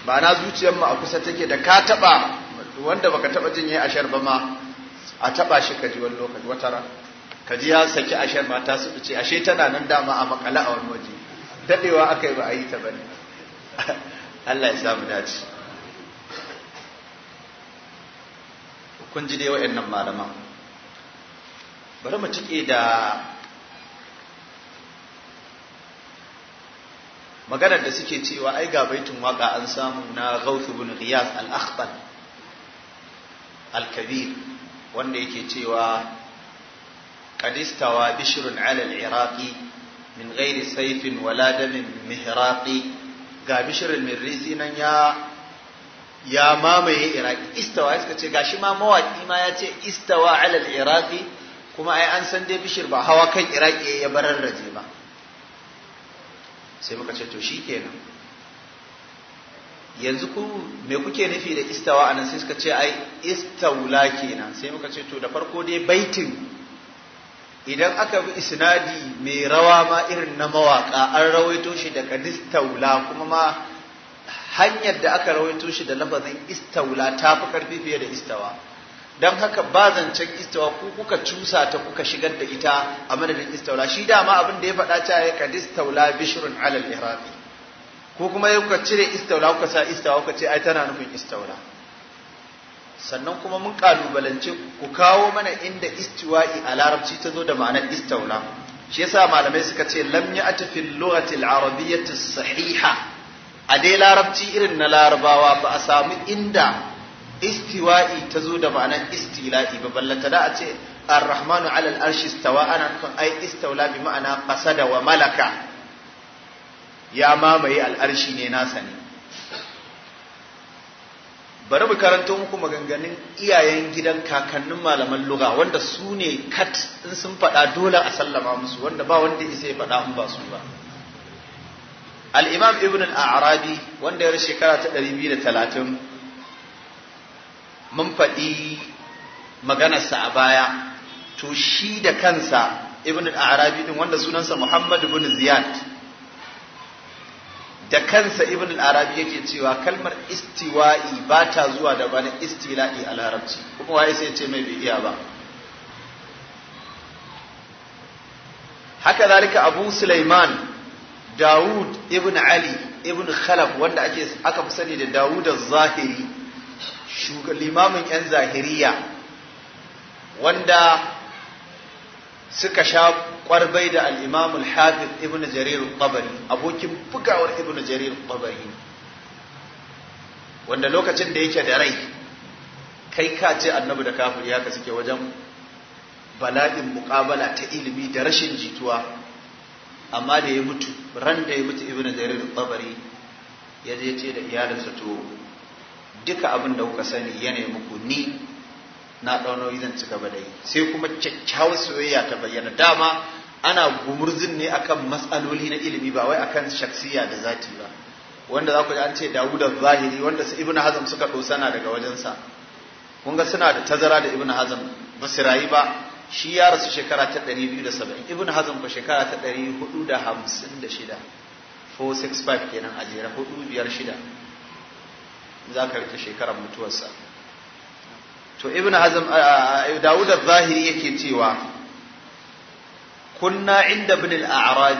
ba na zuciyar mu a kusa take da ka taba wanda baka taba jin yayi ashar ba ma a taba shi kaji wani lokaci wata ran kaji ya saki ashar ma ta su ce ashe tana nan dama a makala a wani waje dadewa akai ba a yi ta bane Allah ya samu dace kun ji dai waɗannan malaman bari mu cike da maganar da suke cewa ai ga baitun waka an samu na Gauth ibn Ghiyas al-Akhtal al-Kabir wanda yake cewa qadistawa bishrun ala al-iraqi min ghairi sayfin wala damin mihraqi ga bishrun risi nan ya ya mamaye iraqi istawa suka ce gashi ma mawaki ma yace istawa ala al-iraqi kuma ai an san dai bishir ba hawa kan iraqi ya bararraje ba sai muka ce to shi kenan yanzu ku me kuke nufi da istawa anan sai suka ce ai istaula kenan sai muka ce to da farko dai baitin idan aka bi isnadi mai rawa ma irin na mawaka an rawaito shi daga istaula kuma ma hanyar da aka rawaito shi da lafazin istaula ta fi karfi fiye da istawa don haka ba zancen istawa ku kuka cusa ta kuka shigar da ita a madadin istaula shi dama abin da ya faɗa cewa ya kadis taula bishrun alal ihrafi ko kuma ya kuka cire istaula kuka sa istawa kuka ce ai tana nufin istaula sannan kuma mun kalubalance ku kawo mana inda istiwa'i a larabci ta zo da ma'anar istaula shi yasa malamai suka ce lam ya'ti fil lughati al arabiyyati sahiha a dai larabci irin na larabawa ba a samu inda istiwa'i ta zo da ma'anar istila'i ba ballanta da a ce ar alal arshi istawa ana nufin ai istawla bi ma'ana qasada wa malaka ya mamaye al'arshi ne nasa ne bari mu karanto muku maganganun iyayen gidan kakannin malaman lugha wanda su ne kat in sun faɗa dole a sallama musu wanda ba wanda isa ya faɗa in ba su ba al-imam ibn al-arabi wanda ya shekara ta 230 mun faɗi maganarsa a baya to shi da kansa ibn al-arabi din wanda sunansa muhammad ibn ziyad da kansa ibn al-arabi yake cewa kalmar istiwa'i ba ta zuwa da bana istila'i a larabci kuma waye sai ce mai bai ba haka zalika abu sulaiman dawud ibn ali ibn khalaf wanda ake aka fi sani da daud az-zahiri limamin 'yan zahiriya wanda suka sha kwarbai da al'imamul hafiz ibn jarir tabari abokin bugawar ibn jarir tabari wanda lokacin da yake da rai kai ka ce annabi da kafin ya ka suke wajen bala'in muƙabala ta ilimi da rashin jituwa amma da ya mutu ran da ya mutu ibn jarir tabari ya je ce da iyalinsa to duka abin da kuka sani yana muku ni na ɗau zan ci gaba da yi sai kuma kyakkyawar soyayya ta bayyana dama ana gumurzin ne akan matsaloli na ilimi ba wai akan shaksiya da zati ba wanda za ku ji an ce Dawuda zahiri wanda su Ibn Hazm suka sana daga wajensa kun ga suna da tazara da Ibn Hazm ba su rayu ba shi ya rasu shekara ta 270 Ibn Hazm ba shekara ta 456 465 kenan a biyar shida. za ka rike shekarar mutuwarsa to ibn hazm dawud az-zahiri yake cewa kunna inda bin al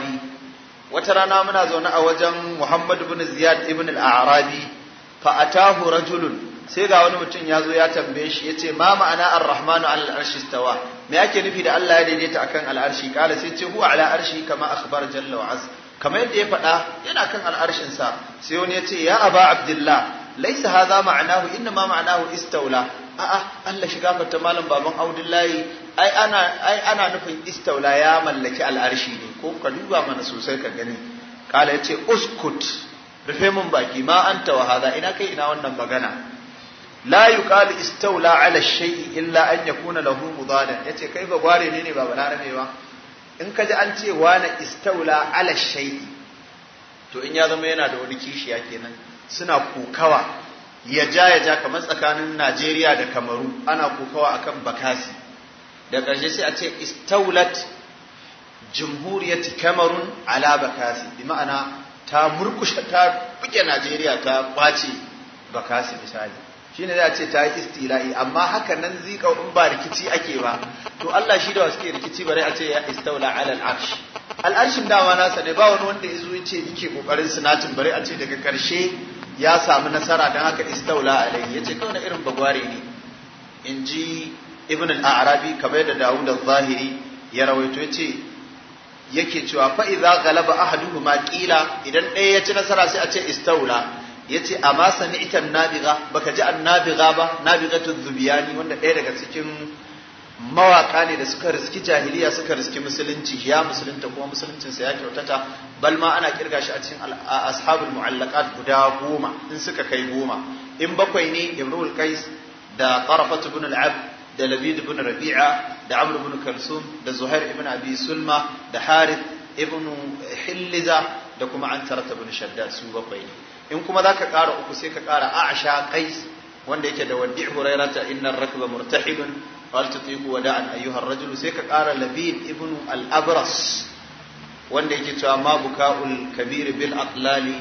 wata rana muna zaune a wajen muhammad bin ziyad ibn al-a'rabi fa rajulun sai ga wani mutum ya zo ya tambaye shi ya ce ma ma'ana ar-rahmanu ala stawa me ake nufi da Allah ya daidaita akan al-arshi kala sai ce huwa ala arshi kama akhbar jalla wa kamar yadda ya faɗa yana kan al'arshinsa. sai wani ya ce ya aba abdullah laisa hadha ma'anahu inna ma ma'anahu istawla a'a Allah shiga fata malam baban Audullahi ai ana ai ana nufin istawla ya mallaki al'arshi ne ko ka duba mana sosai ka gani kala yace uskut rufe mun baki ma anta wa hadha ina kai ina wannan magana la yuqalu istawla ala shay'i illa an yakuna lahu mudadan yace kai ba gware ne ne ba in ka ji an ce wani istawla ala shay'i to in ya zama yana da wani kishiya kenan suna kokawa ya ja ya ja kamar tsakanin Najeriya da Kamaru ana kokawa akan Bakasi da ƙarshe sai a ce istaulat jamhuriyat Kamarun ala Bakasi bi ma'ana ta murkushe ta buke Najeriya ta kwace Bakasi misali shine za a ce ta yi istila'i amma haka nan zika in ba rikici ake ba to Allah shi da suke rikici bare a ce ya istaula alal arshi al'arshin dama nasa ne ba wani wanda ya zo ya ce yake kokarin sinatin bare a ce daga karshe ya samu nasara don haka istaula ya yace kawai irin bagware ne in ji ibn al-arabi kamar da dawud al-zahiri ya rawaito ya ce yake cewa fa idza galaba ahaduhuma qila idan ɗaya ya ci nasara sai a ce istaula yace amma sami'ta nabiga baka ji annabiga ba nabigatu zubiyani wanda ɗaya daga cikin mawaka ne da suka riski jahiliya suka riski musulunci ya musulunta kuma sa ya kyautata bal ma ana kirga shi a cikin ashabul mu'allaqat guda goma in suka kai goma in bakwai ne ibrul qais da tarafat ibn al-ab da labid ibn rabi'a da amr ibn kalsum da zuhair ibn abi sulma da harith ibn hilza da kuma antarat ibn shaddad su bakwai ne in kuma zaka kara uku sai ka kara a'sha qais wanda yake da wadi hurairata innar rakba murtahibun qal tutiqu wada'an ayyuha ar sai ka ƙara labid ibnu al-abras wanda yake cewa ma buka'ul kabir bil aqlali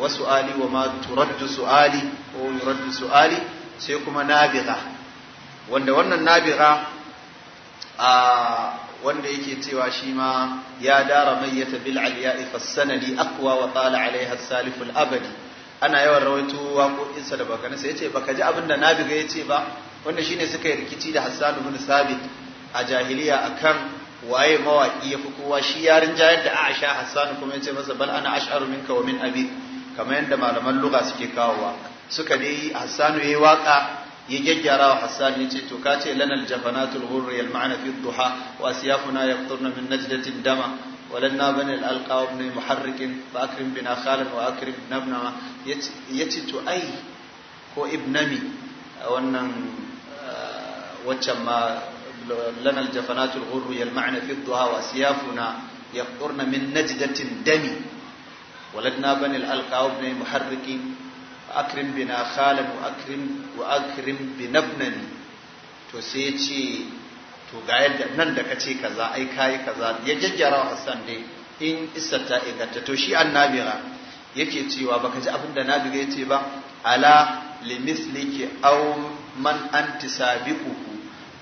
wa su'ali wa ma turaddu su'ali ko yuraddu su'ali sai kuma nabigha wanda wannan nabigha a wanda yake cewa shi ma ya dara mayyata bil aliya'i fassanadi aqwa wa tala alaiha abadi ana yawan rawaito waƙoƙinsa da bakana sai yace baka ji abin da na biga ya ce ba wanda shine suka yi rikici da Hassan ibn Sabit a jahiliya akan waye mawaki yafi kowa shi yarin jayar da Aisha Hassan kuma yace masa bal ana ash'aru minka wa min abi kamar yadda malaman lugha suke kawowa suka dai Hassan yayi waka ya gyaggyara wa Hassan yace to ka ce lanal jafanatul hurri al ma'na fi duha wa asyafuna yaqturna min najdatin dama ولنا بني الألقى وابن محرك فأكرم بنا خالد وأكرم بنا ابن يتي تو أي ko ibnami wannan waccan ma lanal jafanatul ghurru yalma'na fi duha wa siyafuna yaqurna min najdatin dami waladna bani al-alqaw ibn muharriki akrim bina khalam wa akrim wa akrim binabnani to sai ce to ga yadda nan da kace kaza ai kai kaza ya jajjara Hassan dai in isata inganta to shi annabira yake cewa baka ji abin da nabiga yace ba ala limithlik aw man anti sabiquhu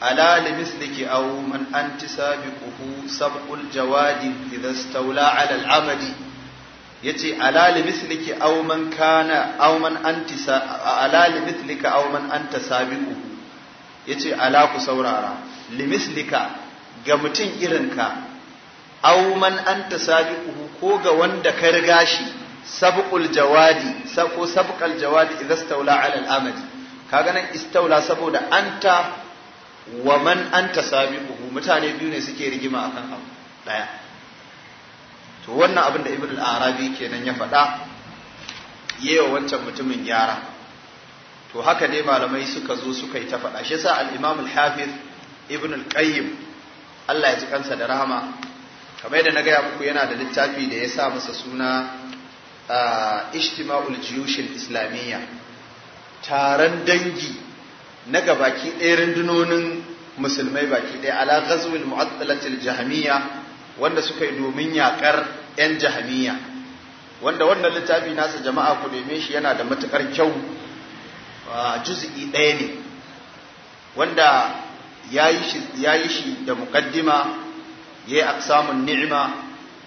ala limisliki aw man anti sabiquhu sabqul jawadi idha stawla ala al yace ala limisliki aw man kana aw man yace ala ku saurara limislika ga mutum irinka aw man anta sabiquhu ko ga wanda ka riga shi sabqul jawadi ko sabqal jawadi idha stawla ala kaga nan istaula saboda anta wa man anta sabiquhu mutane biyu ne suke rigima akan abu daya to wannan abin da ibn al-arabi kenan ya faɗa wa wancan mutumin gyara to haka dai malamai suka zo suka yi ta faɗa shi yasa al-imam al-hafiz ibn al-qayyim Allah ya ji kansa da rahama kamar da na gaya muku yana da littafi da ya sa masa suna ah, ijtima'ul jiyushin islamiyya taron dangi na gabaki ɗaya rundunonin musulmai baki ɗaya ala ghazwil mu'attalatil jahmiya wanda suka yi domin yakar yan jahmiya wanda wannan littafi nasa jama'a ku neme shi yana da matukar kyau a juz'i ɗaya ne wanda ya yi shi da muqaddima ya yi aksamun ni'ima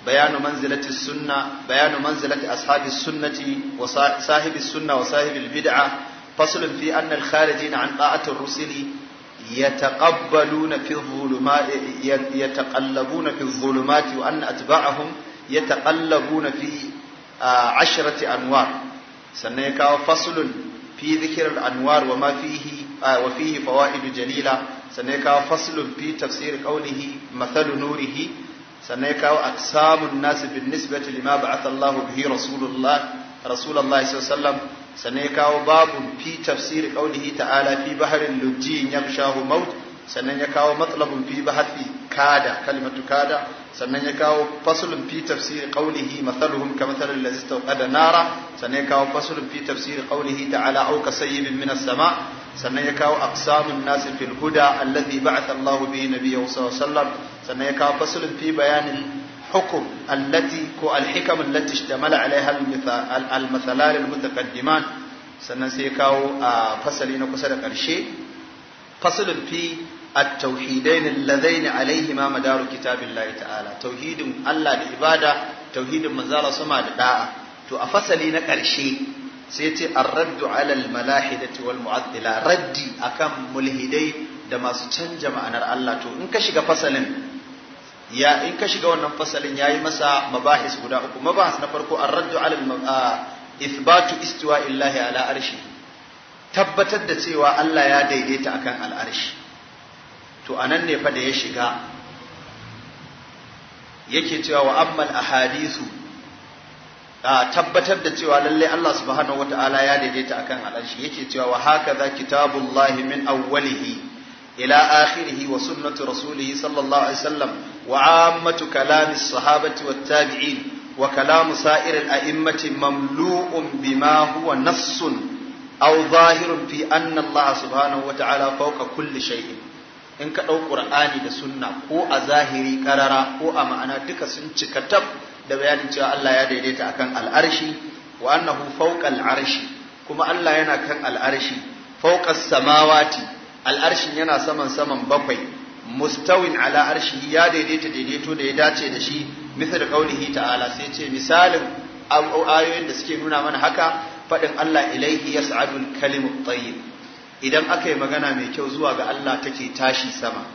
bayanu manzilati sunna bayanu manzilati ashabi sunnati wa sahibi sunna wa sahibi bid'a faslun fi anna an ta'ati ar-rusuli yataqabbaluna fi adh-dhulumati yataqallabuna fi adh-dhulumati wa anna atba'ahum yataqallabuna fi ashrati anwar sannan ya kawo faslun fi dhikr al-anwar wa ma fihi wa fihi fawaid jalila sannan ya kawo faslun fi tafsir qawlihi mathalu nurihi sannan ya kawo aksamun nasu bin nisbati lima bihi sannan ya kawo babu fi tafsiri qaulihi ta'ala fi baharin lujjin yamshahu maut sannan ya kawo matlabun fi bahati kada kalimatu kada sannan ya kawo fasulun fi tafsiri qaulihi mathaluhum ka mathalil ladzi istawqada nara sannan ya kawo fasulun fi tafsiri qaulihi ta'ala au ka sayyibin minas sama sannan ya kawo aqsamun nas fil huda alladhi ba'atha Allah bihi nabiyyu sallallahu alaihi wasallam sannan ya kawo fasulun fi bayanin الحكم التي كو الحكم التي اشتمل عليها المثلان المتقدمان sannan sai kawo a fasali na kusa da ƙarshe fasalin fi at-tauhidain alladaini alaihima madaru kitabillahi ta'ala tauhidin Allah da ibada tauhidin manzala sama da da'a to a fasali na ƙarshe sai ce a raddu alal al-malahidati wal mu'attila raddi akan mulhidai da masu canja ma'anar Allah to in ka shiga fasalin ya in ka shiga wannan fasalin yayi masa mabahis guda uku mabahis na farko ar-raddu ala ithbatu istiwa illahi ala arshi tabbatar da cewa Allah ya daidaita akan al'arshi to anan ne fa da ya shiga yake cewa wa ammal ahadithu a tabbatar da cewa lalle Allah subhanahu wata'ala ya daidaita akan al'arshi yake cewa wa hakaza kitabullahi min awwalihi ila akhirih wa sunnatu rasulihi sallallahu alaihi wasallam وعامة كلام الصحابة والتابعين وكلام سائر الأئمة مملوء بما هو نص أو ظاهر في أن الله سبحانه وتعالى فوق كل شيء in ka ɗau ƙur'ani da sunna ko a zahiri ƙarara ko a ma'ana duka sun cika tab da bayanin cewa Allah ya daidaita akan al'arshi wa annahu fawqa arshi kuma Allah yana kan al'arshi fawqa samawati al'arshin yana saman saman bakwai mustawin ala arshi ya daidaita daidaito da ya dace da shi misal kaulihi ta'ala sai ce misalin ayoyin da suke nuna mana haka Faɗin Allah ilaihi yas'adu al-kalimu tayyib idan aka yi magana mai kyau zuwa ga Allah take tashi sama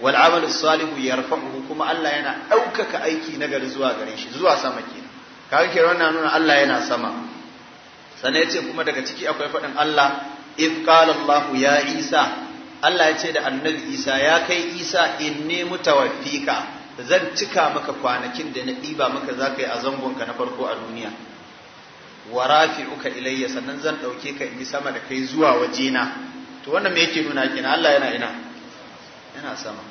wal amalu salihu yarfa'uhu kuma Allah yana ɗaukaka aiki na gari zuwa gare shi zuwa sama kenan kaga ke wannan nuna Allah yana sama sannan yace kuma daga ciki akwai faɗin Allah idh qala Allah ya Isa Allah ya ce da annabi Isa ya kai Isa in ne mutawaffika zan cika maka kwanakin da na ɗiba maka za ka yi a zangonka na farko a duniya wa rafi'uka ilayya sannan zan ɗauke ka in yi sama da kai zuwa wajena to wannan me yake nuna kina Allah yana ina yana sama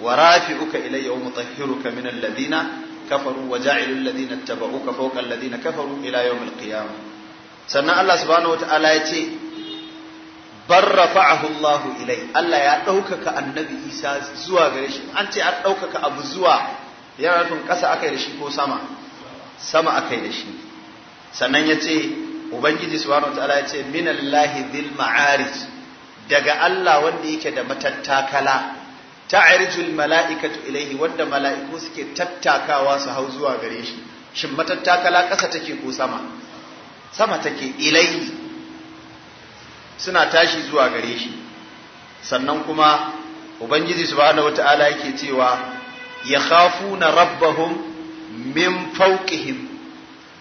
wa rafi'uka ilayya wa mutahhiruka min alladhina kafaru wa ja'ilu alladhina ittaba'uka fawqa alladhina kafaru ila yawm alqiyamah sannan Allah subhanahu wataala ya ce bar rafa'ahu Allah ilai Allah ya ɗaukaka annabi Isa zuwa gare shi an ce an ɗaukaka abu zuwa yana nufin ƙasa akai da shi ko sama sama akai da shi sannan ya ce ubangiji subhanahu wataala ya ce minallahi dhil ma'arij daga Allah wanda yake da matattakala ta'rijul mala'ikatu ilaihi wanda mala'iku suke tattakawa su hau zuwa gare shi shin matattakala ƙasa take ko sama sama take ilaihi suna tashi zuwa gare shi sannan kuma ubangiji subhanahu wata'ala yake cewa ya khafu na rabbahum min fawqihim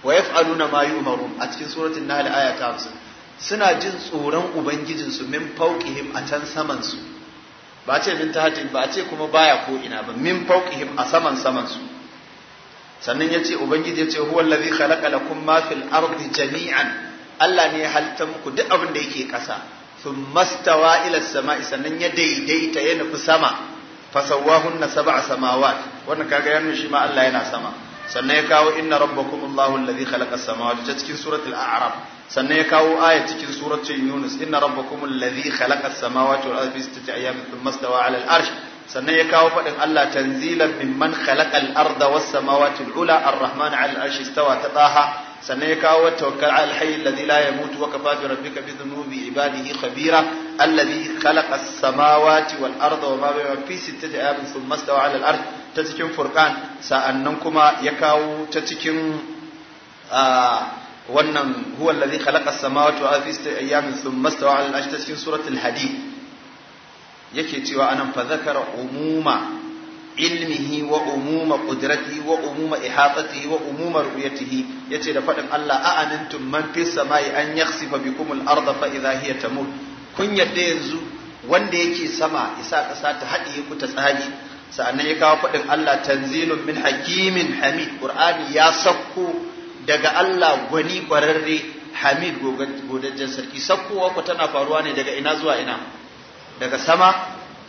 wa yaf'aluna ma yu'marun a cikin suratul nahl aya ta 50 suna jin tsoron ubangijinsu min fawqihim a can saman su ba ce min tahajjud ba ce kuma baya ko ina ba min fawqihim a saman saman su sannan yace ubangiji yace huwallazi khalaqa lakum ma fil ardi jami'an Allah ne ya halitta muku duk abin da yake ƙasa sun mastawa ila sama'i sannan ya daidaita ya nufi sama fasawahunna sab'a samawat wannan kaga yana shi ma Allah yana sama sannan ya kawo inna rabbakum Allahu alladhi khalaqa samawati ta cikin suratul a'raf sannan ya kawo aya cikin suratul yunus inna rabbakum alladhi khalaqa samawati wal ardi fi sittati ayamin thumma stawa ala al-arsh sannan ya kawo faɗin Allah tanzilan mimman khalaqa al-arda was samawati al-ula ar-rahman 'ala al-arshi istawa ta sannan ya kawo wata tawakkal al hayy alladhi la yamutu wa kafa bi rabbika bi dhunubi ibadihi khabira alladhi khalaqa as-samawati wal arda wa ma bainahuma fi sittati ayamin thumma stawa ala al arsh ta cikin furqan sa'annan kuma ya kawo ta cikin wannan huwa alladhi khalaqa as-samawati wa fi sittati ayamin thumma stawa ala al arsh ta cikin suratul hadid yake cewa anan fa zakara umuma ilmihi wa umuma qudratihi wa umuma ihatatihi yace da faɗin Allah a anantum an yakhsifa bikum al arda fa idha hiya tamut kun yadda yanzu wanda yake sama isa ƙasa ta haɗiye ku ta tsage sa'annan ya kawo faɗin Allah tanzilun min hakimin hamid qur'ani ya sakko daga Allah gwani kwararre hamid godajjen sarki sakkowa ku tana faruwa ne daga ina zuwa ina daga sama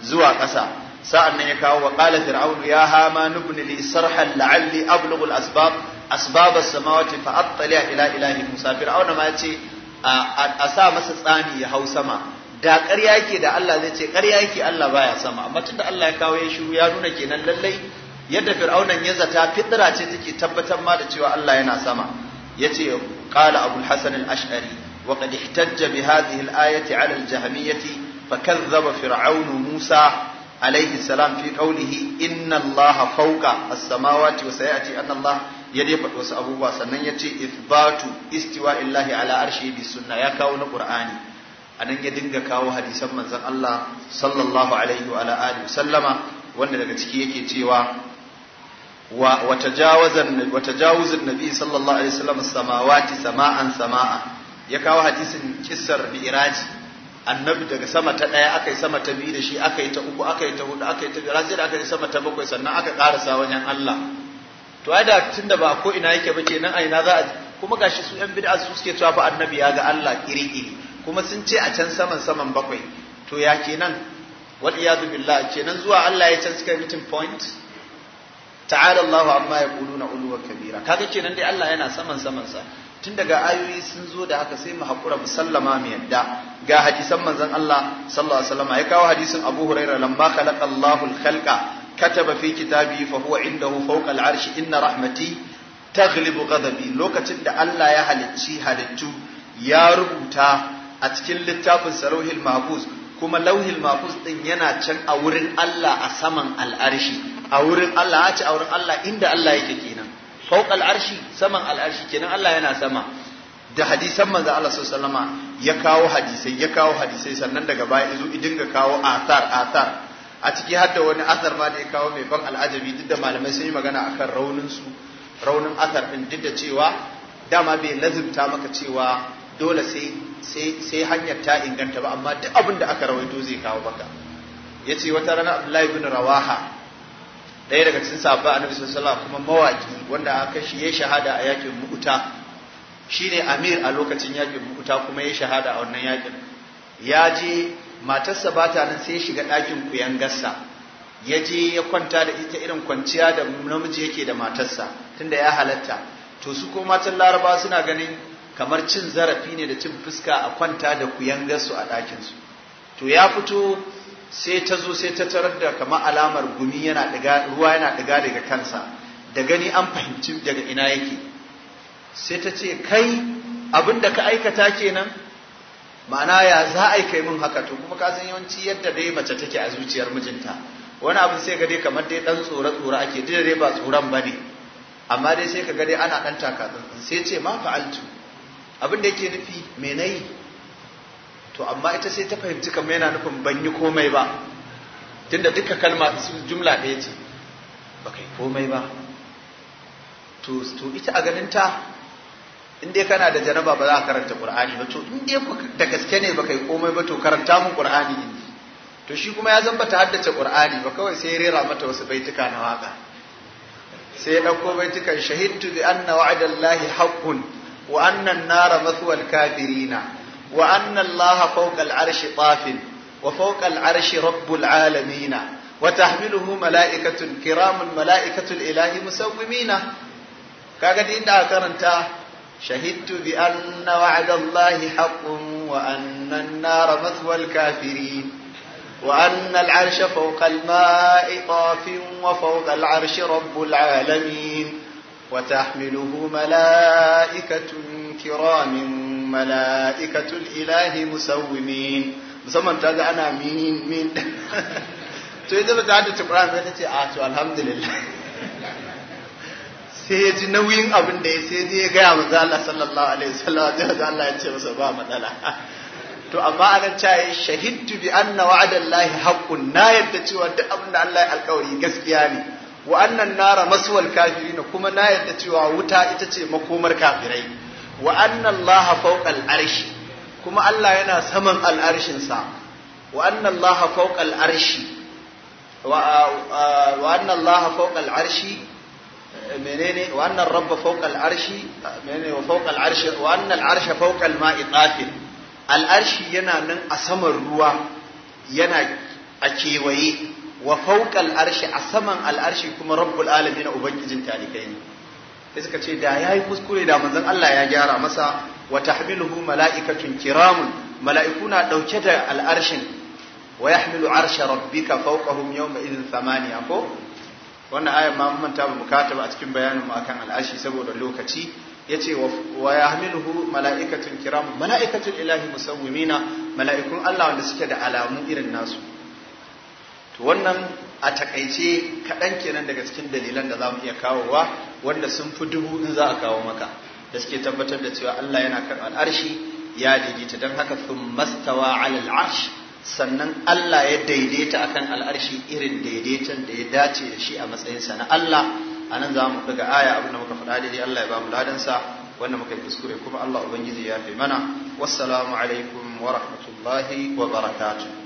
zuwa ƙasa sa'an nan ya kawo wa qala fir'aunu ya hama nubni li sarhan la'alli ablughu al-asbab asbab as-samawati fa attali' ila ilahi musa fir'auna ma yace a sa masa tsani ya hau sama da ƙarya yake da Allah zai ce ƙarya yake Allah baya sama amma tunda Allah ya kawo ya shiru ya nuna kenan lallai yadda fir'aunan ya zata fitra ce take tabbatar ma da cewa Allah yana sama yace qala abul hasan al-ash'ari wa qad ihtajja bi hadhihi al-ayati 'ala al-jahmiyyati فكذب alaihi salam fi qawlihi inna allaha fawqa as-samawati wa sayati allah ya dai faɗi wasu abubuwa sannan ya ce ifbatu istiwa illahi ala bi sunna ya kawo na qur'ani anan ya dinga kawo hadisan manzon Allah sallallahu alaihi wa ala alihi sallama wanda daga ciki yake cewa wa watajawazan Nabi'u sallallahu alaihi sama'an sama'a ya kawo hadisin kissar bi'iraji annabi daga sama ta ɗaya aka yi sama ta biyu da shi aka yi ta uku aka ta hudu aka ta biyar sai da aka yi sama ta bakwai sannan aka karasa wajen Allah to ai da tunda ba ko ina yake ba kenan a ina za a kuma gashi su yan bid'a su suke cewa fa annabi ya ga Allah kiri-kiri kuma sun ce a can saman saman bakwai to ya kenan wal iyadu billah kenan zuwa Allah ya can suka meeting point ta'ala Allahu amma yaquluna ulwa kabira kaga kenan dai Allah yana saman saman sa tun daga ayoyi sun zo da haka sai mu haƙura mu sallama mu yadda ga hadisan manzon Allah sallallahu alaihi wasallam ya kawo hadisin Abu Hurairah lamma khalaqa Allahu al-khalqa kataba fi kitabi fa huwa indahu fawqa al-arsh inna rahmati taghlibu ghadabi lokacin da Allah ya halicci halittu ya rubuta a cikin littafin sarauhil mahfuz kuma lauhil mahfuz din yana can a wurin Allah a saman al'arshi a wurin Allah a ci a wurin Allah inda Allah yake kenan fawqa al'arshi saman al'arshi kenan Allah yana sama da hadisan manzo Allah sallallahu alaihi ya kawo hadisai ya kawo hadisai sannan daga baya izo idin ga kawo athar athar a ciki har da wani athar ma da ya kawo mai ban al'ajabi duk da malamai sun yi magana akan raunin su raunin athar din duk da cewa dama bai lazimta maka cewa dole sai sai hanyar ta inganta ba amma duk abin da aka rawaito zai kawo ya yace wata rana Abdullahi ibn Rawaha ɗaya daga cikin sahabba annabi sallallahu kuma mawaki wanda aka shi ya shahada a yakin mukuta shine amir a lokacin yakin mukuta kuma ya shahada a wannan yakin ya je matarsa ba ta nan sai shiga ɗakin kuyangarsa ya je ya kwanta da ita irin kwanciya da namiji yake da matarsa tunda ya halatta to su ko matan laraba suna ganin kamar cin zarafi ne da cin fuska a kwanta da kuyangarsu a ɗakinsu to ya fito sai ta zo sai ta tarar da kama alamar gumi yana ɗiga, ruwa yana ɗiga daga kansa da gani an fahimci daga ina yake sai ta ce kai abin da ka aikata kenan ma'ana ya za a kai mun haka to kuma ka san yawanci yadda dai mace take a zuciyar mijinta wani abin sai ga dai kamar dai dan tsore tsore ake duk dai ba tsoron bane amma dai sai ka ga dai ana dan taka sai ce ma fa'altu abin da yake nufi me nayi to amma ita sai ta fahimci kamar yana nufin ban yi komai ba tunda duka kalma su jumla ɗaya ce ba kai komai ba to ita a ganin ta in dai kana da janaba ba za ka karanta qur'ani ba to in dai da gaske ne ba kai komai ba to karanta mu qur'ani in to shi kuma ya zambata ta haddace qur'ani ba kawai sai rera mata wasu baituka na waka sai ya dauko baitukan shahidtu bi anna wa'dallahi haqqun wa anna an-nara mathwal kafirina وأن الله فوق العرش طاف وفوق العرش رب العالمين وتحمله ملائكة كرام ملائكة الإله مسومين كاكد إن أكرنت شهدت بأن وعد الله حق وأن النار مثوى الكافرين وأن العرش فوق الماء طاف وفوق العرش رب العالمين وتحمله ملائكة كرام mala'ikatul ilahi musawwimin musamman ta ga ana min min to ita ba ta ta Qur'an sai ta ce a ah, to alhamdulillah sai ya ji nauyin abin da ya sai ya gaya wa Zala sallallahu alaihi wasallam da manzo Allah ya ce masa ba matsala to amma ta caye shahidtu bi anna wa'adallahi haqqun na yadda cewa duk abin da Allah ya alƙawari gaskiya ne wa annan nara maswal kafirin kuma na yadda cewa wuta ita ce makomar kafirai wa anna allaha fawqa al'arshi kuma Allah yana saman al'arshinsa. sa wa anna allaha fawqa al'arshi uh, uh, wa anna allaha fawqa al'arshi menene wa anna rabba fawqa arshi, menene wa fawqa al'arshi wa anna al'arsha fawqa mai qafil al'arshi yana nan a saman ruwa yana a kewaye wa fawqa arshi a saman al'arshi kuma rabbul alamin ubangijin talikai ne sai suka ce da yayi kuskure da manzon Allah ya gyara masa wa tahmiluhu mala'ikatun kiramun mala'iku na dauke da al'arshin wa yahmilu arsha rabbika fawqahum yawma idhin thamaniya ko wannan ayar ma mun manta mu ba a cikin bayanin mu akan al'ashi saboda lokaci yace wa yahmiluhu mala'ikatun kiramun mala'ikatul ilahi musawwimina mala'ikun Allah wanda suke da alamu irin nasu to wannan a takaice kaɗan kenan daga cikin dalilan da za mu iya kawowa wanda sun fi dubu in za a kawo maka da suke tabbatar da cewa Allah yana kan al'arshi ya daidaita don haka sun mastawa alal arsh sannan Allah ya daidaita akan al'arshi irin daidaitan da ya dace da shi a matsayinsa na Allah a nan za mu daga aya abin da muka faɗa daidai Allah ya ba mu ladansa wanda muka yi kuskure kuma Allah Ubangiji ya fi mana wassalamu alaikum wa rahmatullahi wa barakatuh